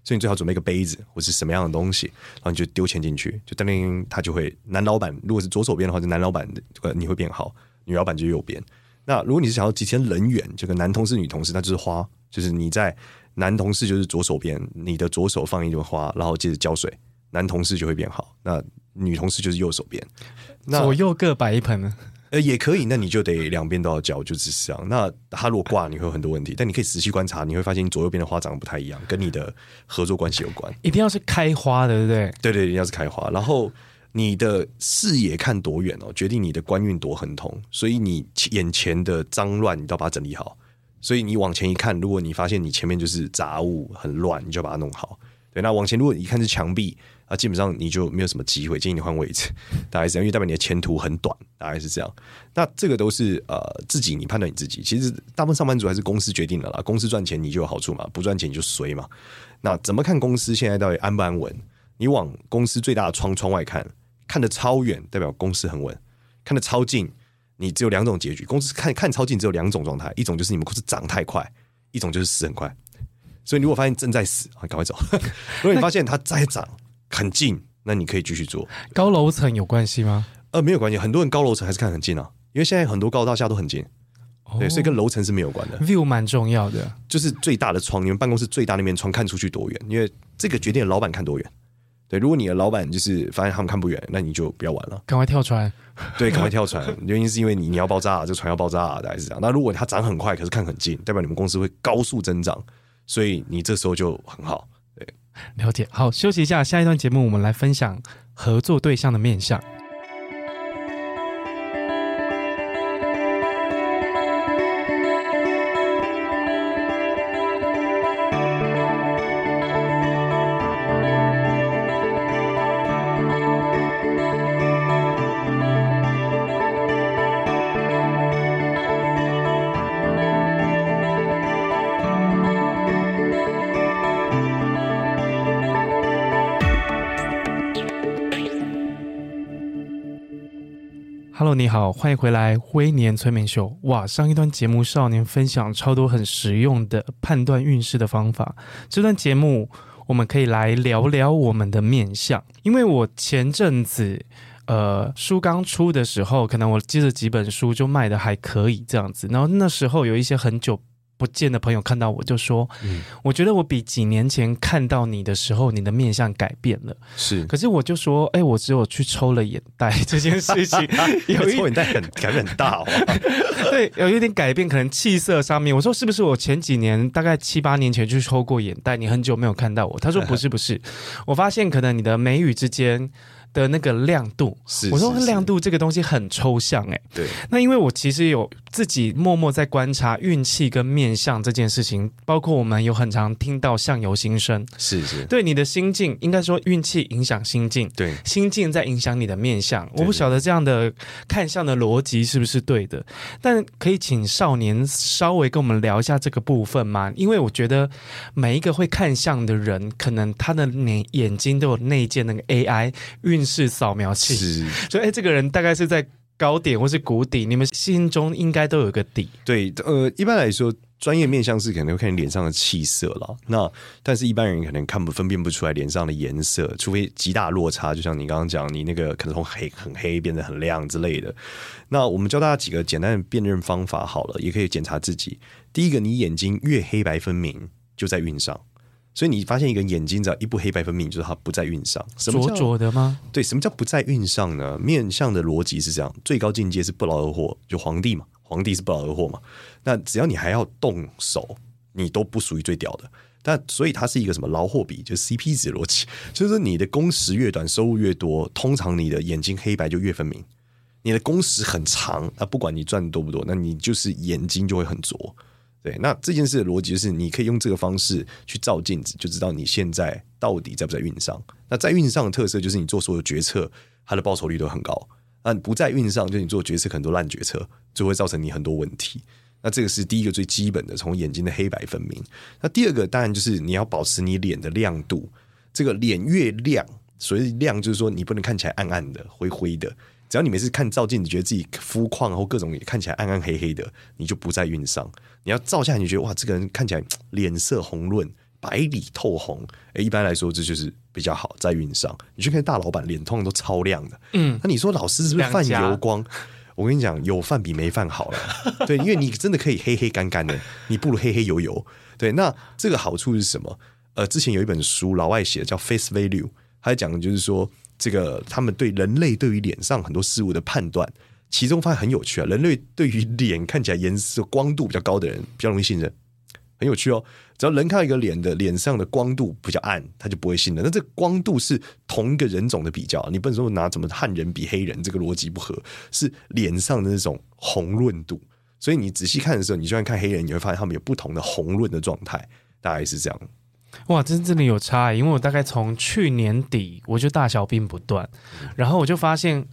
所以你最好準備一個杯子或是什麼樣的東西，然後你就丟錢進去，就叮叮叮，它就會。男老闆如果是左手邊的話，就男老闆，你會變好；女老闆就右邊。那如果你是想要幾千人緣，這個男同事、女同事，那就是花。就是你在男同事就是左手邊，你的左手放一朵花，然後接着澆水，男同事就會變好。那女同事就是右手邊，那左右各擺一盆呢？呃，也可以，那你就得兩邊都要澆，就是這樣。那他如果掛，你會有很多問題。但你可以仔細觀察，你會發現你左右邊的花長得不太一樣，跟你的合作關係有關。一定要是開花的，對不對？對對，一定要是開花。然後你的視野看多遠哦，決定你的官運多亨通。所以你眼前的髒亂，你都要把它整理好。所以你往前一看，如果你發現你前面就是雜物很亂，你就把它弄好。對，那往前如果一看是牆壁啊，基本上你就沒有什麼機會，建議你換位置，大概是這樣，因為代表你的前途很短，大概是這樣。那這個都是呃自己你判斷你自己。其實大部分上班族還是公司決定的啦，公司賺錢你就有好處嘛，不賺錢你就衰嘛。那怎麼看公司現在到底安不安穩？你往公司最大的窗窗外看，看得超遠，代表公司很穩；看得超近。你只有兩種結局，公司看看超近，只有兩種狀態，一種就是你們公司漲太快，一種就是死很快。所以如果發現正在死，趕快走； 如果你發現它在漲很近，那你可以繼續做。高樓層有關係嗎？呃，沒有關係，很多人高樓層還是看很近啊，因為現在很多高樓大廈都很近，對，哦、所以跟樓層是沒有關的。view 蠻重要的，就是最大的窗，你們辦公室最大那面窗看出去多遠，因為這個決定了老板看多遠。對，如果你的老闆就是發現他們看不遠，那你就不要玩了，趕快跳船。 對，趕快跳船， 原因是因為你你要爆炸、啊，這船要爆炸、啊，大概是這樣。那如果它漲很快，可是看很近，代表你們公司會高速增長，所以你這時候就很好。對，了解。好，休息一下，下一段節目我們來分享合作對象的面相。Hello，你好，歡迎回來《微年催眠秀》。哇，上一段節目少年分享超多很實用的判斷運勢的方法。這段節目我們可以來聊聊我們的面相，因為我前陣子，呃，書剛出的時候，可能我記得幾本書就賣的還可以這樣子。然後那時候有一些很久不見的朋友看到我就說、嗯，我覺得我比幾年前看到你的時候，你的面相改變了。是，可是我就說，哎、欸，我只有去抽了眼袋這件事情，因為 抽眼袋很 改改很大對、哦， 所以有一點改變，可能氣色上面。我說是不是我前幾年大概七八年前去抽過眼袋？你很久沒有看到我。他說不是不是， 我發現可能你的眉宇之間。的那個亮度，是是是，我說亮度這個東西很抽象哎、欸。對，那因為我其實有自己默默在觀察運氣跟面相這件事情，包括我們有很常聽到相由心生，是是，對你的心境，應該說運氣影響心境，對，心境在影響你的面相。我不曉得這樣的看相的邏輯是不是對的，但可以請少年稍微跟我們聊一下這個部分嗎？因為我覺得每一個會看相的人，可能他的眼眼睛都有內建那個 AI 運是掃描器，所以這個人大概是在高點或是谷底，你們心中應該都有一個底。對，呃，一般來說，專業面相是可能會看你臉上的氣色了。那但是一般人可能看不分辨不出來臉上的顏色，除非極大落差。就像你剛剛講，你那個可能從黑很黑，很黑變得很亮之類的。那我們教大家幾個簡單的辨認方法，好了，也可以檢查自己。第一個，你眼睛越黑白分明，就在運上。所以你發現一個眼睛，只要一部黑白分明，就是它不在運上。濁濁的嗎？對，什麼叫不在運上呢？面相的邏輯是這樣：最高境界是不勞而獲，就皇帝嘛，皇帝是不勞而獲嘛。那只要你還要動手，你都不屬於最屌的。但所以它是一個什麼勞獲比，就 CP 值邏輯，就是說、就是、你的工時越短，收入越多，通常你的眼睛黑白就越分明。你的工時很長，那不管你賺多不多，那你就是眼睛就會很濁。對，那這件事的邏輯就是，你可以用這個方式去照鏡子，就知道你現在到底在不在運上。那在運上的特色就是，你做所有決策，它的報酬率都很高。那不在運上，就是你做決策很多爛決策，就會造成你很多問題。那這個是第一個最基本的，從眼睛的黑白分明。那第二個當然就是你要保持你臉的亮度。這個臉越亮，所以亮就是說你不能看起來暗暗的、灰灰的。只要你每次看照鏡子，覺得自己膚況或各種也看起來暗暗黑黑的，你就不在運上。你要照下來，你覺得哇，這個人看起來臉色紅潤、白裡透紅，誒、欸，一般來說這就是比較好在運上。你去看大老闆，臉通常都超亮的。嗯，那你說，老師是不是泛油光？我跟你講，有泛比沒泛好了。 對，因為你真的可以黑黑乾乾的，你不如黑黑油油。對，那這個好處是什麼？呃，之前有一本書老外寫的叫《Face Value》，他講的就是說，這個他們對人類對於臉上很多事物的判斷。其中發現很有趣啊，人類對於臉看起來顏色光度比較高的人比較容易信任，很有趣哦。只要人看到一個臉的臉上的光度比較暗，他就不會信了。那這個光度是同一個人種的比較，你不能說拿什麼漢人比黑人，這個邏輯不合。是臉上的那種紅潤度，所以你仔細看的時候，你就算看黑人，你會發現他們有不同的紅潤的狀態，大概是這樣。哇，這真的有差欸，因為我大概從去年底我就大小病不斷，然後我就發現。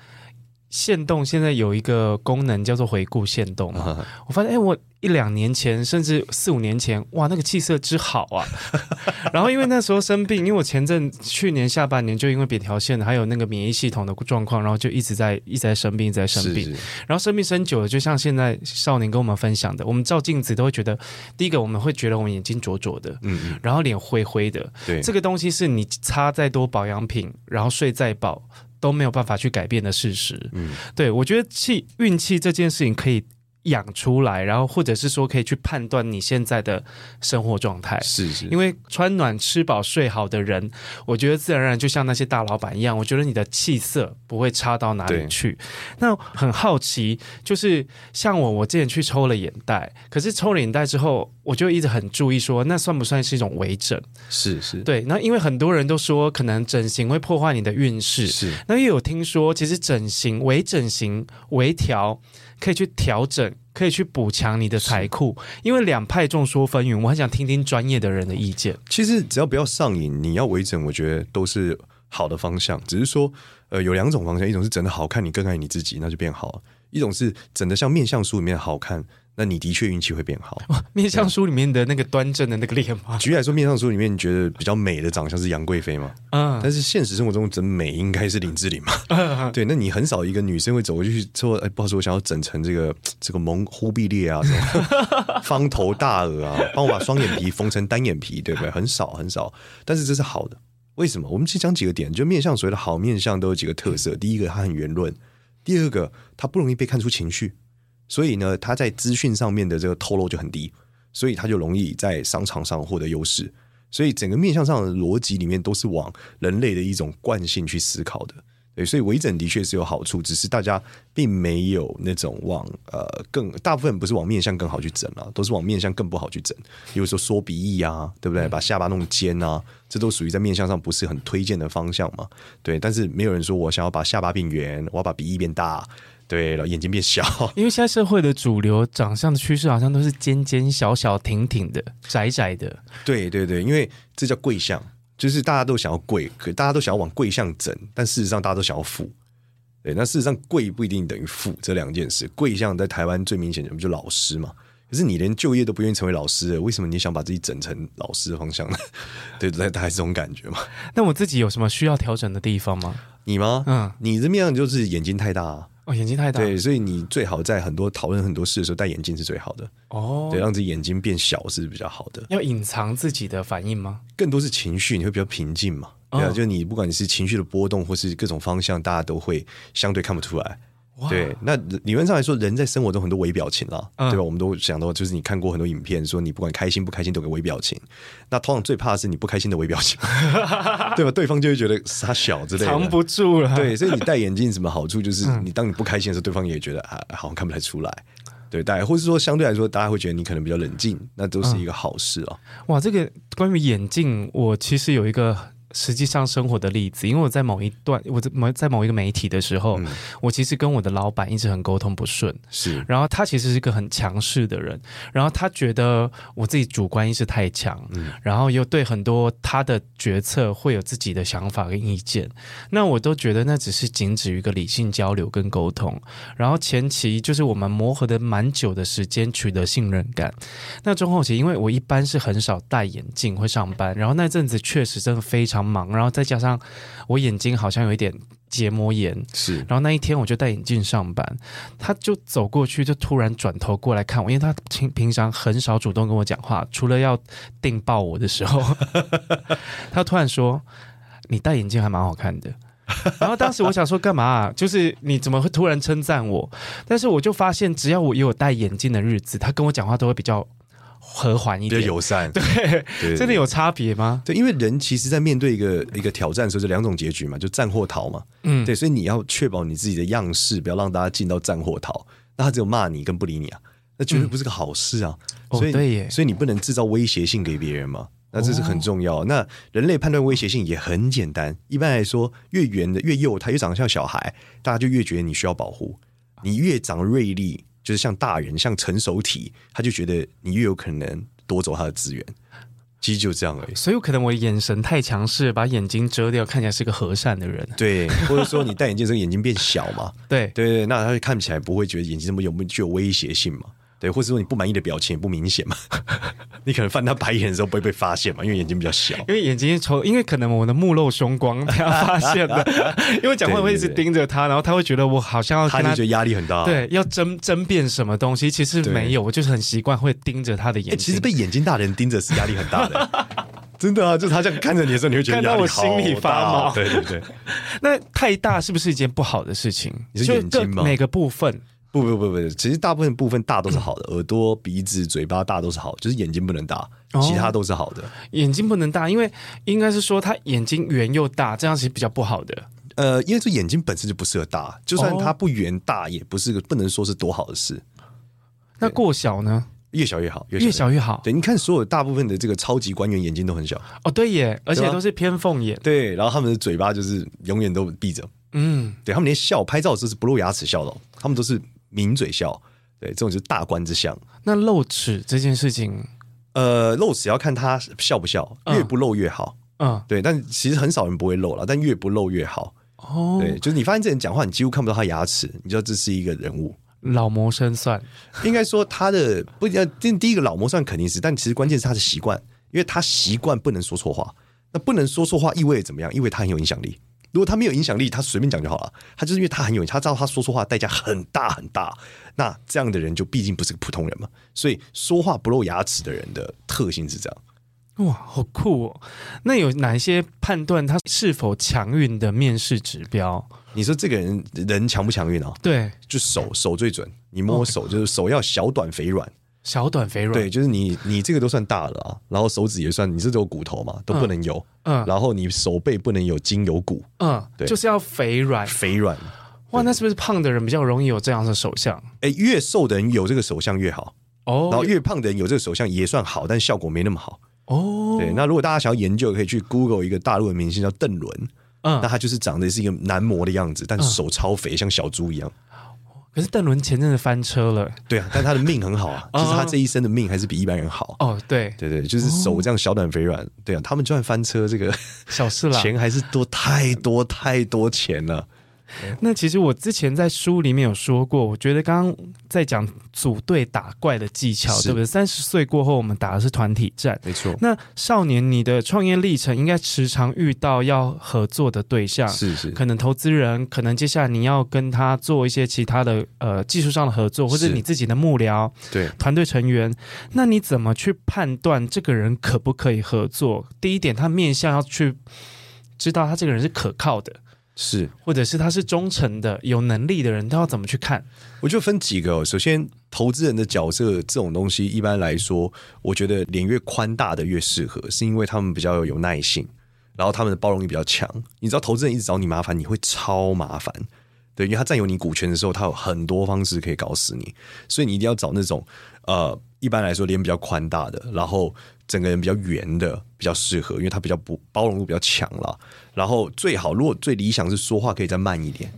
限動現在有一個功能叫做回顧限動，uh -huh. 我發現哎、欸，我一兩年前甚至四五年前，哇，那個氣色之好啊！ 然後因為那時候生病，因為我前陣去年下半年就因為扁桃腺還有那個免疫系統的狀況，然後就一直在一直在生病，一直在生病是是。然後生病生久了，就像現在少年跟我們分享的，我們照鏡子都會覺得，第一個我們會覺得我們眼睛濁濁的，嗯嗯，然後臉灰灰的，這個東西是你擦再多保養品，然後睡再飽。都沒有辦法去改變的事實。嗯對。嗯，對，我覺得氣運氣這件事情可以養出來，然後或者是說可以去判斷你現在的生活狀態，是是，因為穿暖、吃飽、睡好的人，我覺得自然而然就像那些大老闆一樣，我覺得你的氣色不會差到哪裡去。那很好奇，就是像我，我之前去抽了眼袋，可是抽了眼袋之後，我就一直很注意說，那算不算是一種微整？是是，對。那因為很多人都說，可能整形會破壞你的運勢。是。那又有聽說，其實整形、微整形、微調，可以去調整，可以去補強你的財庫，因為兩派眾說紛紜，我很想聽聽專業的人的意見。其實只要不要上癮，你要微整，我覺得都是好的方向。只是說，呃，有兩種方向，一種是整得好看，你更愛你自己，那就變好；一種是整得像面相書裡面好看。那你的確運氣會變好哇。面相書裡面的那個端正的那個臉嗎？舉例來說，面相書裡面覺得比較美的長相是楊貴妃嗎？嗯，但是現實生活中真美應該是林志玲嘛、嗯嗯？對，那你很少一個女生會走過去說：“哎、欸，不好意思，我想要整成這個這個蒙忽必烈啊什麼的， 方頭大耳啊，幫我把雙眼皮縫成單眼皮，對不對？”很少很少，但是這是好的。為什麼？我們先講幾個點，就面相所謂的好面相都有幾個特色：第一個，它很圓潤；第二個，它不容易被看出情緒。所以呢，他在資訊上面的這個透露就很低，所以他就容易在商場上獲得優勢。所以整個面相上的邏輯裡面都是往人類的一種慣性去思考的，對。所以微整的確是有好處，只是大家並沒有那種往呃更大部分，不是往面相更好去整了啊，都是往面相更不好去整。比如說縮鼻翼啊，對不對？把下巴弄尖啊，這都屬於在面相上不是很推薦的方向嘛，對。但是沒有人說我想要把下巴變圓，我要把鼻翼變大啊。對了，眼睛變小，因為現在社會的主流長相的趨勢好像都是尖尖、小小、挺挺的、窄窄的。對對對，因為這叫貴相，就是大家都想要貴，可大家都想要往貴相整，但事實上大家都想要富。對，那事實上貴不一定等於富，這兩件事。貴相在台灣最明顯的就是老師嘛。可是你連就業都不願意成為老師了，為什麼你想把自己整成老師的方向呢？對，大家還是這種感覺嘛。那我自己有什麼需要調整的地方嗎？你嗎？嗯，你的面相就是眼睛太大啊。哦，眼睛太大，對，所以你最好在很多討論很多事的時候戴眼鏡是最好的哦，對，讓自己眼睛變小是比較好的。要隱藏自己的反應嗎？更多是情緒，你會比較平靜嘛？哦，對啊，就是你不管你是情緒的波動或是各種方向，大家都會相對看不出來。對，那理論上來說，人在生活中很多微表情啊、嗯。對吧？我們都想到，就是你看過很多影片，說你不管開心不開心都給微表情。那通常最怕的是你不開心的微表情， 對吧？對方就會覺得傻小之類的，藏不住了。對，所以你戴眼鏡什麼好處？就是你當你不開心的時候，嗯、對方也覺得啊，好像看不太出來。對，大家，或是說相對來說，大家會覺得你可能比較冷靜，那都是一個好事啊、喔嗯。哇，這個關於眼鏡，我其實有一個。實際上生活的例子，因為我在某一段，我在某在某一個媒體的時候，嗯，我其實跟我的老闆一直很溝通不順，是。然後他其實是一個很強勢的人，然後他覺得我自己主觀意識太強，嗯，然後又對很多他的決策會有自己的想法跟意見，那我都覺得那只是僅止於一個理性交流跟溝通。然後前期就是我們磨合的蠻久的時間，取得信任感。那中後期，因為我一般是很少戴眼鏡會上班，然後那陣子確實真的非常。忙，然後再加上我眼睛好像有一點結膜炎，是。然後那一天我就戴眼鏡上班，他就走過去，就突然轉頭過來看我，因為他平平常很少主動跟我講話，除了要訂報我的時候， 他突然說：“你戴眼鏡還蠻好看的。”然後當時我想說幹嘛？ 就是你怎麼會突然稱讚我？但是我就發現，只要我有我戴眼鏡的日子，他跟我講話都會比較。和緩一點，友善，對，對，對，對，真的有差別嗎？對，因為人其實，在面對一個一個挑戰的時候，這兩種結局嘛，就戰或逃嘛。嗯，對，所以你要確保你自己的樣式，不要讓大家進到戰或逃。那他只有罵你跟不理你啊，那絕對不是個好事啊。嗯，所以哦、對所以，所以你不能制造威脅性給別人嘛，那這是很重要、哦。那人類判斷威脅性也很簡單，一般來說，越圓的越幼，他越長得像小孩，大家就越覺得你需要保護。你越長銳利。就是像大人、像成熟體，他就覺得你越有可能奪走他的資源，其實就這樣而已。所以有可能我眼神太強勢，把眼睛遮掉，看起來是個和善的人。對，或者說你戴眼鏡，這眼睛變小嘛？ 對，對，對對，那他就看起來不會覺得眼睛這麼有具有威脅性嘛？對，或是說你不滿意的表情也不明顯嘛？ 你可能翻他白眼的時候不會被發現嘛，因為眼睛比較小。因為眼睛一抽，因為可能我的目露凶光，他發現了。 因為講話會一直盯着他，對對對，然後他會覺得我好像要跟他，他就覺得壓力很大。對，要爭爭辯什麼東西？其實沒有，我就是很習慣會盯着他的眼睛。睛、欸、其實被眼睛大的人盯着是壓力很大的， 真的啊！就是他這樣看着你的時候，你會覺得好我心裡發毛，對對對， 那太大是不是一件不好的事情？你是眼睛嗎？就各每個部分？不不不不，不，其實大部分部分大都是好的。嗯、耳朵、鼻子、嘴巴大都是好，就是眼睛不能大，哦，其他都是好的。眼睛不能大，因為應該是說他眼睛圓又大，這樣是比較不好的。呃，因為這眼睛本身就不適合大，就算他不圓大，哦，也不是不能說是多好的事。嗯，那過小呢？越小越好，越小越好，越小越好。對，你看所有大部分的這個超級官員眼睛都很小。哦，對耶，而且也都是偏鳳眼。對，然後他們的嘴巴就是永遠都閉着。嗯，對，他們連笑拍照都是不露牙齒笑的，他們都是。抿嘴笑，對，這種就是大官之相。那露齒這件事情，呃，露齒要看他笑不笑，嗯、越不露越好。嗯，對，但其實很少人不會露了，但越不露越好。哦，對，就是你發現這人講話，你幾乎看不到他牙齒，你知道這是一個人物老謀深算。應該說他的不，第第一個老謀算肯定是，但其實關鍵是他的習慣，因為他習慣不能說錯話。那不能說錯話意味着怎麼樣？意味他很有影響力。如果他沒有影響力，他隨便講就好了。他就是因為他很有意思，他知道他說錯話代價很大很大。那這樣的人就畢竟不是個普通人嘛。所以說話不露牙齒的人的特性是這樣。哇，好酷哦！那有哪一些判斷他是否強運的面相指標？你說這個人人強不強運啊、哦？對，就手手最準。你摸手、oh、就是手要小短肥軟。小短肥軟，對，就是你，你這個都算大了啊。然後手指也算，你是有骨頭嘛，都不能有嗯。嗯，然後你手背不能有筋有骨。嗯，對，就是要肥軟。肥軟，哇，那是不是胖的人比較容易有這樣的手相？哎，越瘦的人有這個手相越好哦。然後越胖的人有這個手相也算好，但效果沒那麼好哦。對，那如果大家想要研究，可以去 Google 一個大陸的明星叫鄧倫。嗯，那他就是長得是一個男模的樣子，但手超肥，嗯，像小豬一樣。可是鄧倫前陣子翻車了，對啊，但他的命很好啊， 就是他這一生的命還是比一般人好。哦，對，對對，就是手這樣小短肥軟。哦，對啊，他們就算翻車，這個小事啦，啊，錢還是多太多太多錢了。那其實我之前在書裡面有說過，我覺得剛剛在講組隊打怪的技巧，對不對？三十歲過後，我們打的是團體戰，沒錯。那少年，你的創業歷程應該時常遇到要合作的對象，是是。可能投資人，可能接下來你要跟他做一些其他的呃技術上的合作，或者你自己的幕僚，對，團隊成員。那你怎麼去判斷這個人可不可以合作？第一點，他面相要去知道他這個人是可靠的。是，或者是他是忠誠的、有能力的人，他要怎麼去看？我就分幾個哦，首先，投資人的角色這種東西，一般來說，我覺得臉越寬大的越適合，是因為他們比較有耐性，然後他們的包容力比較強。你知道，投資人一直找你麻煩，你會超麻煩，對？因為他占有你股權的時候，他有很多方式可以搞死你，所以你一定要找那種。呃，一般來說臉比較寬大的，然後整個人比較圓的比較適合，因為他比較不包容度比較強啦，然後最好，如果最理想是說話可以再慢一點，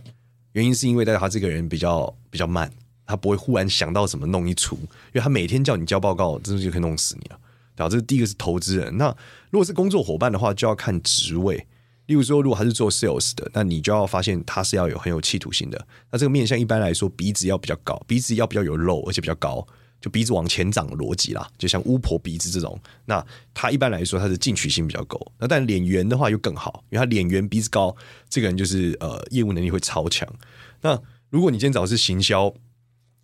原因是因為在他這個人比較比較慢，他不會忽然想到什麼弄一出，因為他每天叫你交報告，真的就可以弄死你了。然後這是第一個是投資人。那如果是工作夥伴的話，就要看職位。例如說，如果他是做 sales 的，那你就要發現他是要有很有企圖心的。那這個面相一般來說鼻子要比較高，鼻子要比較有肉，而且比較高。就鼻子往前長的邏輯啦，就像巫婆鼻子這種，那他一般來說他的進取性比較夠。那但臉圓的話又更好，因為他臉圓鼻子高，這個人就是呃業務能力會超強。那如果你今天找的是行銷，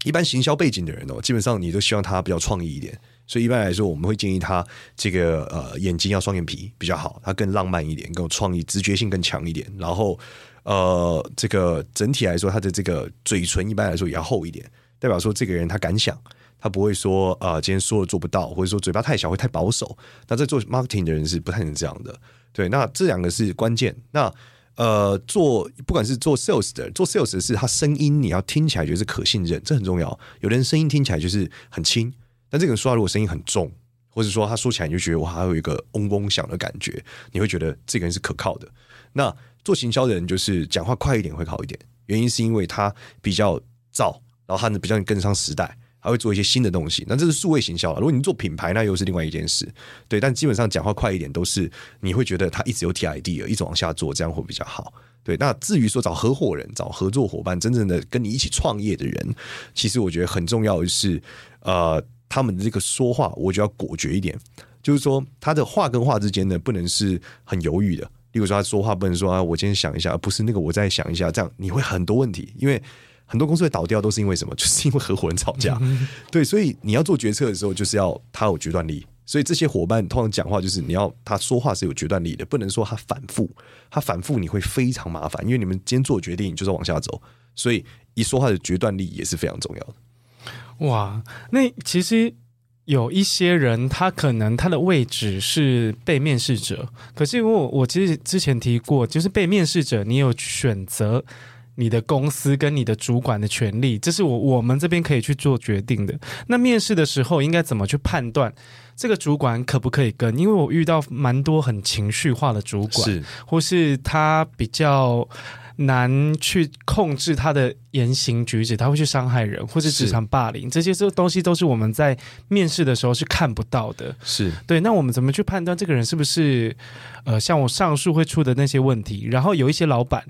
一般行銷背景的人哦、喔，基本上你都希望他比較創意一點。所以一般來說，我們會建議他這個呃眼睛要雙眼皮比較好，他更浪漫一點，更有創意，直覺性更強一點。然後呃這個整體來說，他的這個嘴唇一般來說也要厚一點，代表說這個人他敢想。他不會說啊，呃，今天說了做不到，或者說嘴巴太小會太保守。那在做 marketing 的人是不太能這樣的。對，那這兩個是關鍵。那呃，做不管是做 sales 的人，做 sales 的是他聲音你要聽起來就是可信任，這很重要。有的人聲音聽起來就是很輕，但這個人說話如果聲音很重，或者說他說起來你就覺得我還有一個嗡嗡響的感覺，你會覺得這個人是可靠的。那做行銷的人就是講話快一點會好一點，原因是因為他比較躁，然後他能比較跟得上時代。還會做一些新的東西，那這是數位行銷。如果你做品牌，那又是另外一件事。對，但基本上講話快一點，都是你會覺得他一直有 TID，一直往下做，這樣會比較好。對，那至於說找合夥人、找合作伙伴，真正的跟你一起創業的人，其實我覺得很重要的是，呃，他們的這個說話，我覺得要果決一點，就是說他的話跟話之間呢，不能是很猶豫的。例如說，他說話不能說啊，我今天想一下，不是那個，我再想一下，這樣你會很多問題，因為。很多公司會倒掉，都是因為什麼？就是因為合夥人吵架。嗯、對，所以你要做決策的時候，就是要他有決斷力。所以這些夥伴通常講話，就是你要他說話是有決斷力的，不能說他反覆。他反覆，你會非常麻煩，因為你們今天做決定，就是往下走。所以一說話的決斷力也是非常重要的。哇，那其實有一些人，他可能他的位置是被面試者，可是我我其實之前提過，就是被面試者，你有選擇。你的公司跟你的主管的權利，這是我我們這邊可以去做決定的。那面試的時候應該怎麼去判斷這個主管可不可以跟？因為我遇到蠻多很情緒化的主管，是，或是他比較。難去控制他的言行舉止，他會去傷害人，或者職場霸凌，這些這東西都是我們在面試的時候是看不到的。是對，那我們怎麼去判斷這個人是不是，呃，像我上述會出的那些問題？然後有一些老闆，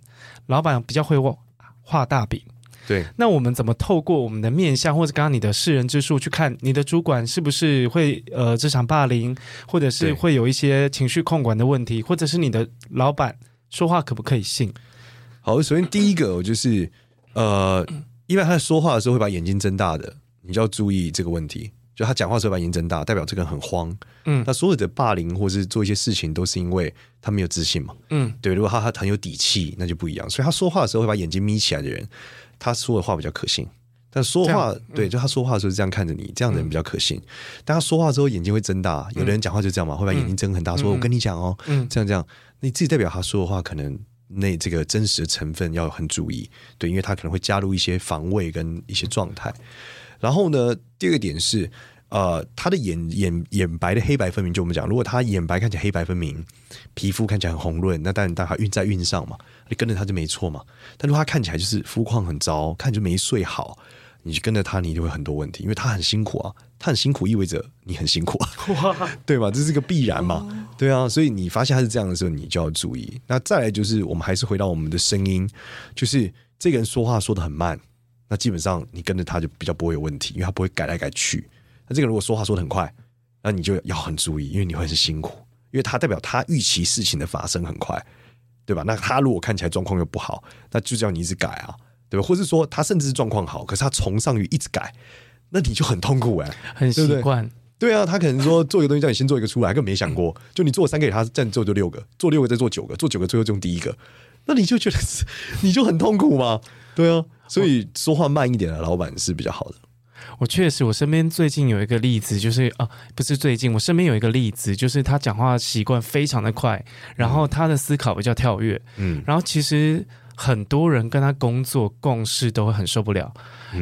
老闆比較會畫大餅。對，那我們怎麼透過我們的面相，或者剛剛你的識人之術，去看你的主管是不是會呃，職場霸凌，或者是會有一些情緒控管的問題，或者是你的老闆說話可不可以信？好，首先第一個我就是，呃，一般他在說話的時候會把眼睛睜大的，你就要注意這個問題。就他講話的時候把眼睛睜大，代表這個人很慌。嗯，那所有的霸凌或是做一些事情，都是因為他沒有自信嘛。嗯，對。如果他他很有底氣，那就不一樣。所以他說話的時候會把眼睛眯起來的人，他說的話比較可信。但說話，嗯、對，就他說話的時候是這樣看着你，這樣的人比較可信。嗯、但他說話之後眼睛會睜大、嗯，有的人講話就這樣嘛，嗯、會把眼睛睜很大，說我跟你講哦、喔嗯嗯，這樣這樣，你自己代表他說的話可能。那這個真實的成分要很注意，對，因為他可能會加入一些防衛跟一些狀態。然後呢，第二點是，呃，他的眼眼眼白的黑白分明，就我們講，如果他眼白看起來黑白分明，皮膚看起來很紅潤，那但但他運在運上嘛，你跟着他就沒錯嘛。但如果他看起來就是膚況很糟，看就沒睡好，你去跟着他你就會很多問題，因為他很辛苦啊。他很辛苦，意味着你很辛苦， 對吧？這是個必然嘛？對啊，所以你發現他是這樣的時候，你就要注意。那再來就是，我們還是回到我們的聲音，就是這個人說話說得很慢，那基本上你跟着他就比較不會有問題，因為他不會改來改去。那這個人如果說話說得很快，那你就要很注意，因為你會很辛苦，因為他代表他預期事情的發生很快，對吧？那他如果看起來狀況又不好，那就叫你一直改啊，對吧？或是說他甚至是狀況好，可是他崇尚於一直改。那你就很痛苦，哎、欸，很習慣對對，對啊，他可能說做一個東西叫你先做一個出來，更沒想過，就你做三個，他再做就六個，做六個再做九個，做九個最後就用第一個。那你就覺得是你就很痛苦嗎？對啊，所以說話慢一點的，啊哦、老闆是比較好的。我確實，我身邊最近有一個例子，就是啊，不是最近，我身邊有一個例子，就是他講話習慣非常的快，然後他的思考比較跳躍，嗯，然後其實。很多人跟他工作共事都會很受不了，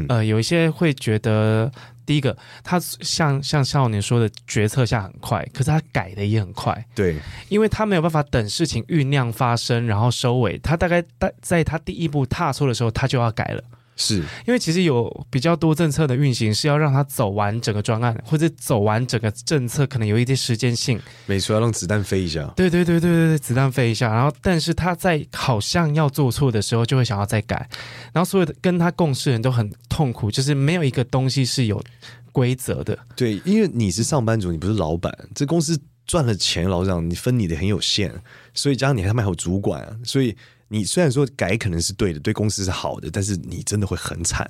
呃，有一些會覺得，第一個，他像，像少年說的，決策下很快，可是他改的也很快，對，因為他沒有辦法等事情醞釀發生，然後收尾，他大概在在他第一步踏錯的時候，他就要改了。是，因為其實有比較多政策的運行是要讓他走完整個專案，或者走完整個政策，可能有一些時間性。沒錯，要讓子彈飛一下。對對對對對對，子彈飛一下。然後，但是他在好像要做錯的時候，就會想要再改。然後，所有的跟他共事的人都很痛苦，就是沒有一個東西是有規則的。對，因為你是上班族，你不是老闆，這公司賺了錢，老長你分你的很有限，所以加上你他們還有主管啊，所以。你雖然說改可能是對的，對公司是好的，但是你真的會很慘。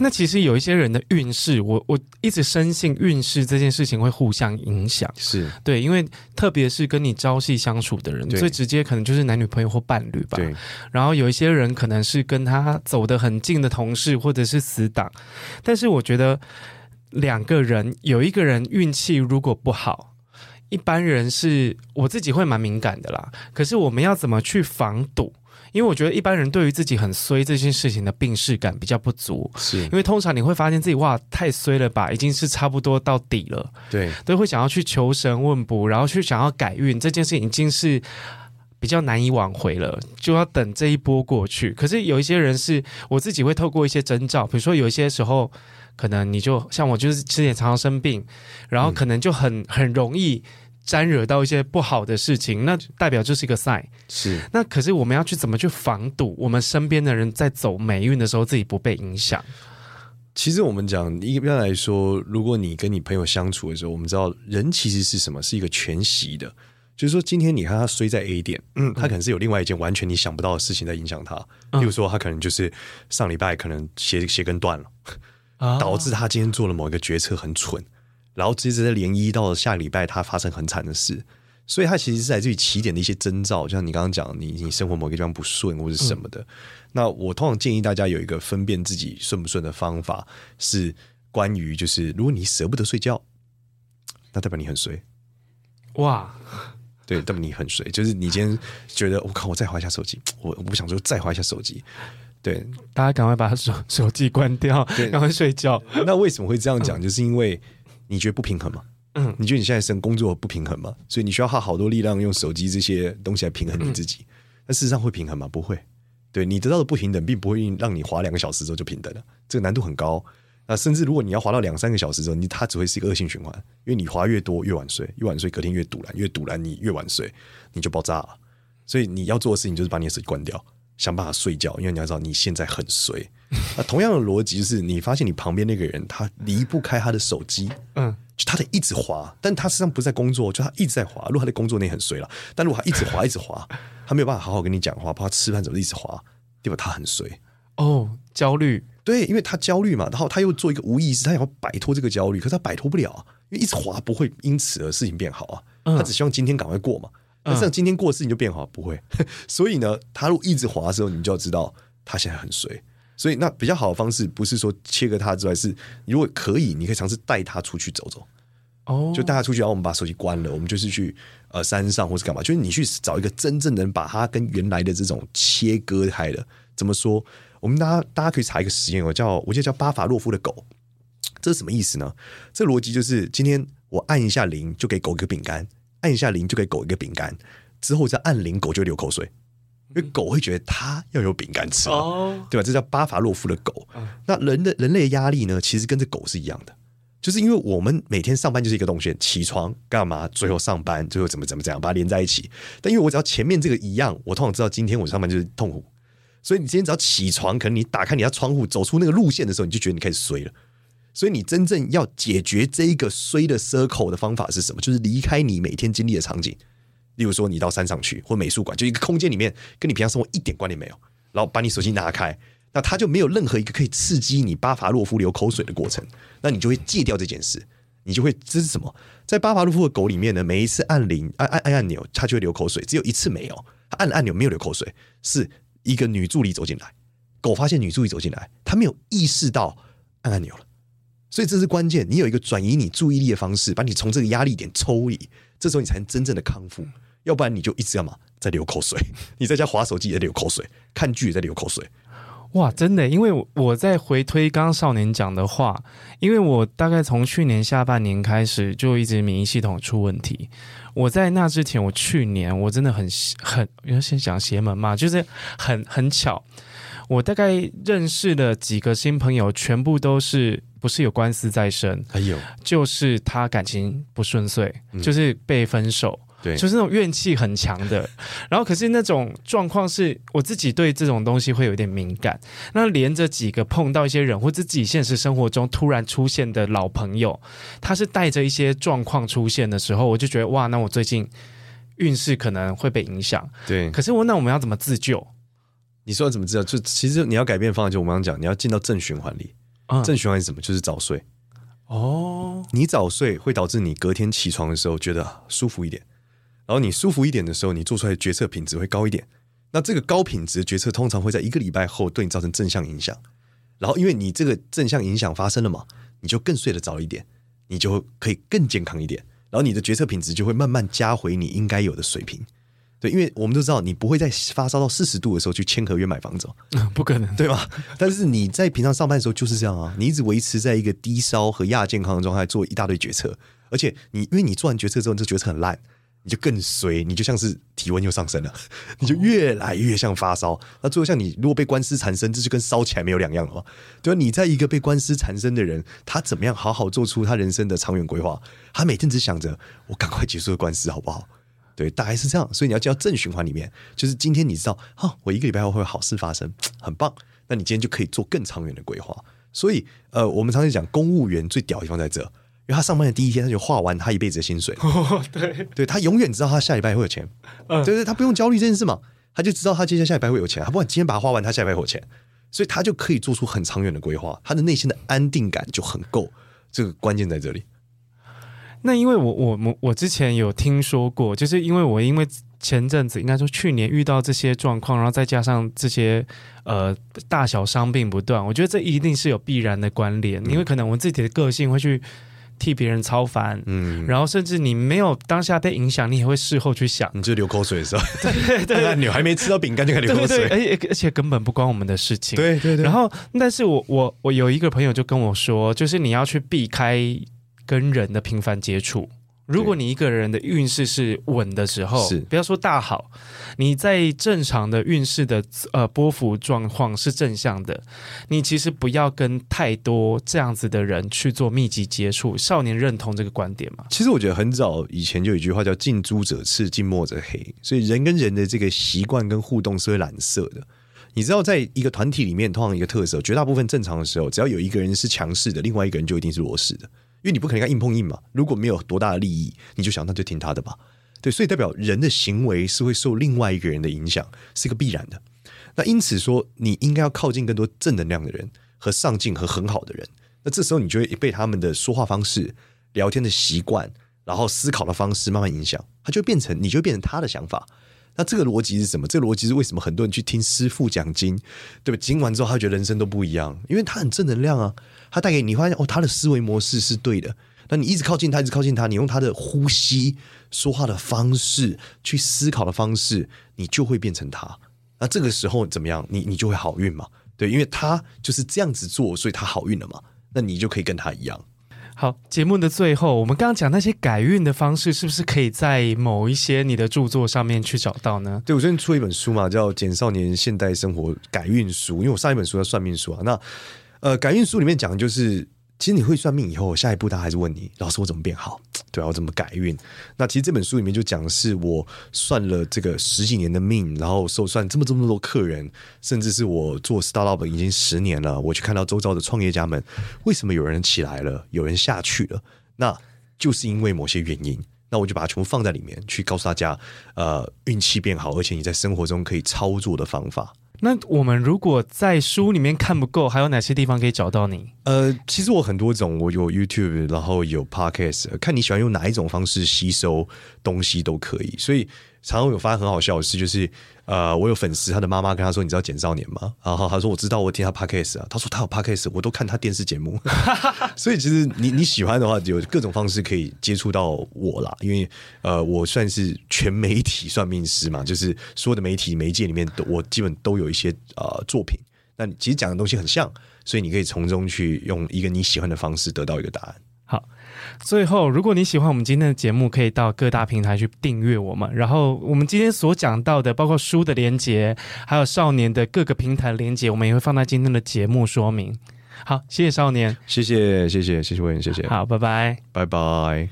那其實有一些人的運勢，我我一直深信運勢這件事情會互相影響，是對，因為特別是跟你朝夕相處的人，最直接可能就是男女朋友或伴侶吧。然後有一些人可能是跟他走得很近的同事或者是死黨，但是我覺得兩個人有一個人運氣如果不好。一般人是我自己會蠻敏感的啦，可是我們要怎麼去防堵？因為我覺得一般人對於自己很衰這件事情的病識感比較不足，是。因為通常你會發現自己哇太衰了吧，已經是差不多到底了。對，都會想要去求神問卜，然後去想要改運，這件事情已經是比較難以挽回了，就要等這一波過去。可是有一些人是，我自己會透過一些徵兆，比如說有一些時候。可能你就像我，就是吃點常常生病，然後可能就很、嗯、很容易沾惹到一些不好的事情，嗯、那代表這是一個 sign，是。那可是我們要去怎麼去防堵？我們身邊的人在走霉運的時候，自己不被影響。其實我們講，一般來說，如果你跟你朋友相處的時候，我們知道人其實是什麼，是一個全息的，就是說今天你看他雖在 A 點，嗯，他可能是有另外一件完全你想不到的事情在影響他，比、嗯、如說他可能就是上禮拜可能鞋鞋跟斷了。導致他今天做了某一個決策很蠢，然後直接在連一到下個禮拜他發生很慘的事，所以他其實是來自於起點的一些徵兆，就像你剛剛講，你你生活某個地方不順或者什麼的、嗯。那我通常建議大家有一個分辨自己順不順的方法，是關於就是如果你舍不得睡覺，那代表你很衰。哇，對，代表你很衰，就是你今天覺得我、 哦、靠，我再劃一下手機，我我不想說再劃一下手機。對，大家趕快把手手機關掉，趕快睡覺。那為什麼會這樣講、嗯？就是因為你覺得不平衡嗎、嗯？你覺得你現在是工作不平衡嗎？所以你需要耗好多力量，用手機這些東西來平衡你自己、嗯。但事實上會平衡嗎？不會。對，你得到的不平等，並不會讓你滑兩個小時之後就平等了。這個難度很高。那甚至如果你要滑到兩三個小時之後，你它只會是一個惡性循環，因為你滑越多越晚睡，越晚睡隔天越賭爛，越賭爛你越晚睡，你就爆炸了。所以你要做的事情就是把你的手機關掉。想辦法睡覺，因為你要知道你現在很衰。那同樣的邏輯、就是，你發現你旁邊那個人他離不開他的手機，嗯，他得一直滑，但他實際上不在工作，就他一直在滑。如果他在工作，內很衰了。但如果他一直滑，一直滑，他沒有辦法好好跟你講話，怕吃飯，怎麼一直滑？對吧？他很衰哦，焦慮，對，因為他焦慮嘛，然後他又做一個無意識，他想要擺脫這個焦慮，可是他擺脫不了，因為一直滑不會因此而事情變好啊，他只希望今天趕快過嘛。那這樣今天過的事情就變好，不會。 所以呢，它如果一直滑的時候，你就要知道它現在很衰。所以那比較好的方式，不是說切割它之外，是如果可以，你可以嘗試帶它出去走走。哦，就帶它出去，然後我們把手機關了，我們就是去呃山上或是幹嘛，就是你去找一個真正能把它跟原來的這種切割開的。怎麼說？我們大家大家可以查一個實驗，我叫我記得叫巴甫洛夫的狗。這是什麼意思呢？這個邏輯就是今天我按一下鈴，就給狗一個餅乾。按一下鈴，就給狗一個餅乾，之後再按鈴，狗就流口水，因為狗會覺得它要有餅乾吃，Oh. 對吧？這叫巴伐洛夫的狗。那人的，人類的壓力呢，其實跟這狗是一樣的，就是因為我們每天上班就是一個動線，起床幹嘛，最後上班，最後怎麼怎麼怎樣，把它連在一起。但因為我只要前面這個一樣，我通常知道今天我上班就是痛苦，所以你今天只要起床，可能你打開你的窗戶，走出那個路線的時候，你就覺得你開始衰了。所以你真正要解決這個“衰”的 circle 的方法是什麼？就是離開你每天經歷的場景。例如說，你到山上去，或美術館，就一個空間裡面，跟你平常生活一點關聯沒有。然後把你手機拿開，那它就沒有任何一個可以刺激你巴伐洛夫流口水的過程。那你就會戒掉這件事。你就會這是什麼？在巴伐洛夫的狗裡面呢，每一次按鈴按按按按鈕，它就會流口水，只有一次沒有，他按了按鈕沒有流口水，是一個女助理走進來，狗發現女助理走進來，它沒有意識到按按鈕了。所以這是關鍵，你有一個轉移你注意力的方式，把你從這個壓力點抽離，這時候你才能真正的康復，要不然你就一直要嘛在流口水，你在家滑手機也流口水，看劇也在流口水。哇，真的，因為我在回推剛剛少年講的話，因為我大概從去年下半年開始就一直免疫系統出問題。我在那之前，我去年我真的很很，要先講邪門嘛，就是很很巧。我大概認識的幾個新朋友，全部都是不是有官司在身，還有就是他感情不順遂，嗯，就是被分手，對，就是那種怨氣很強的。然後，可是那種狀況是，我自己對這種東西會有一點敏感。那連着幾個碰到一些人，或者自己現實生活中突然出現的老朋友，他是帶着一些狀況出現的時候，我就覺得哇，那我最近運勢可能會被影響。對，可是我那我們要怎麼自救？你說怎麼知道？就其實你要改變方案。就我剛剛講，你要進到正循環裡。正循環是什麼？就是早睡。哦，你早睡會導致你隔天起床的時候覺得舒服一點，然後你舒服一點的時候，你做出來的決策品質會高一點。那這個高品質決策通常會在一個禮拜後對你造成正向影響，然後因為你這個正向影響發生了嘛，你就更睡得早一點，你就可以更健康一點，然後你的決策品質就會慢慢加回你應該有的水平。對，因為我們都知道，你不會在發燒到四十度的時候去簽合約買房子，嗯，不可能，對吧？但是你在平常上班的時候就是這樣啊，你一直維持在一個低燒和亞健康的狀態，做一大堆決策，而且你因為你做完決策之後，這決策很爛，你就更衰，你就像是體溫又上升了，你就越來越像發燒，哦。那最後像你如果被官司纏身，這就跟燒起來沒有兩樣了嘛，對吧？你在一個被官司纏身的人，他怎麼樣好好做出他人生的長遠規劃？他每天只想着我趕快結束的官司，好不好？對，大概是這樣，所以你要進到正循環裡面，就是今天你知道，哈、哦，我一個禮拜後會有好事發生，很棒，那你今天就可以做更長遠的規劃。所以，呃，我們常常講公務員最屌的地方在這，因為他上班的第一天他就花完他一輩子的薪水，哦、對,對，他永遠知道他下禮拜會有錢，對、嗯、對，他不用焦慮這件事嘛，他就知道他接下下禮拜會有錢，他不管今天把它花完，他下禮拜會有錢，所以他就可以做出很長遠的規劃，他的內心的安定感就很夠，這個關鍵在這裡。那因為我我我我之前有聽說過，就是因為我因為前陣子應該說去年遇到這些狀況，然後再加上這些呃大小傷病不斷，我覺得這一定是有必然的關聯。嗯，因為可能我們自己的個性會去替別人操煩，嗯，然後甚至你沒有當下被影響，你也會事後去想，你就流口水是吧？對對，對，那 你還沒吃到餅乾就開始流口水，而且而且根本不關我們的事情，對對對。然後，但是我我我有一個朋友就跟我說，就是你要去避開。跟人的頻繁接觸，如果你一個人的運勢是穩的時候，不要說大好，你在正常的運勢的呃波幅狀況是正向的，你其實不要跟太多這樣子的人去做密集接觸。少年認同這個觀點嗎？其實我覺得很早以前就有一句話叫“近朱者赤，近墨者黑”，所以人跟人的這個習慣跟互動是會染色的。你知道，在一個團體裡面，同樣一個特色，絕大部分正常的時候，只要有一個人是強勢的，另外一個人就一定是弱勢的。因為你不可能跟硬碰硬嘛，如果沒有多大的利益，你就想，那就聽他的吧。對，所以代表人的行為是會受另外一個人的影響，是一個必然的。那因此說，你應該要靠近更多正能量的人和上進和很好的人。那這時候你就會被他們的說話方式、聊天的習慣，然後思考的方式慢慢影響，他就變成你就變成他的想法。那這個邏輯是什麼？這個邏輯是為什麼很多人去聽師父講經，對吧？聽完之後他覺得人生都不一樣，因為他很正能量啊。他帶給你發現哦，他的思維模式是對的。那你一直靠近他，一直靠近他，你用他的呼吸、說話的方式去思考的方式，你就會變成他。那這個時候怎麼樣？你你就會好運嘛？對，因為他就是這樣子做，所以他好運了嘛。那你就可以跟他一樣。好，節目的最後，我們剛剛講那些改運的方式，是不是可以在某一些你的著作上面去找到呢？對，我最近出了一本書嘛，叫《簡少年現代生活改運書》，因為我上一本書叫《算命書》啊。那呃，改運書裡面講的就是其實你會算命以後，下一步他還是問你，老師，我怎麼變好？對啊，我怎麼改運？那其實這本書裡面就講的是我算了這個十幾年的命，然後受，算這麼這麼多客人，甚至是我做 startup 已經十年了，我去看到周遭的創業家們，為什麼有人起來了，有人下去了？那就是因為某些原因，那我就把它全部放在裡面，去告訴大家，呃，運氣變好，而且你在生活中可以操作的方法。那我們如果在書裡面看不夠，還有哪些地方可以找到你？呃，其實我很多種，我有 YouTube，然後有 Podcast，看你喜歡用哪一種方式吸收東西都可以，所以。常,常有發現很好笑的事，就是呃，我有粉絲，他的媽媽跟他說：“你知道《簡少年》嗎？”然後他說：“我知道，我聽他 Podcast 啊。”他說：“他有 Podcast，我都看他電視節目。 ”所以其實你你喜歡的話，有各種方式可以接觸到我啦。因為呃，我算是全媒體算命師嘛，就是所有的媒體媒介裡面都，都我基本都有一些呃作品。那其實講的東西很像，所以你可以從中去用一個你喜歡的方式得到一個答案。最後，如果你喜歡我們今天的節目，可以到各大平台去訂閱我們。然後，我們今天所講到的，包括書的連結，還有少年的各個平台連結，我們也會放在今天的節目說明。好，謝謝少年，謝謝，謝謝，謝謝謝謝。好，拜拜，拜拜。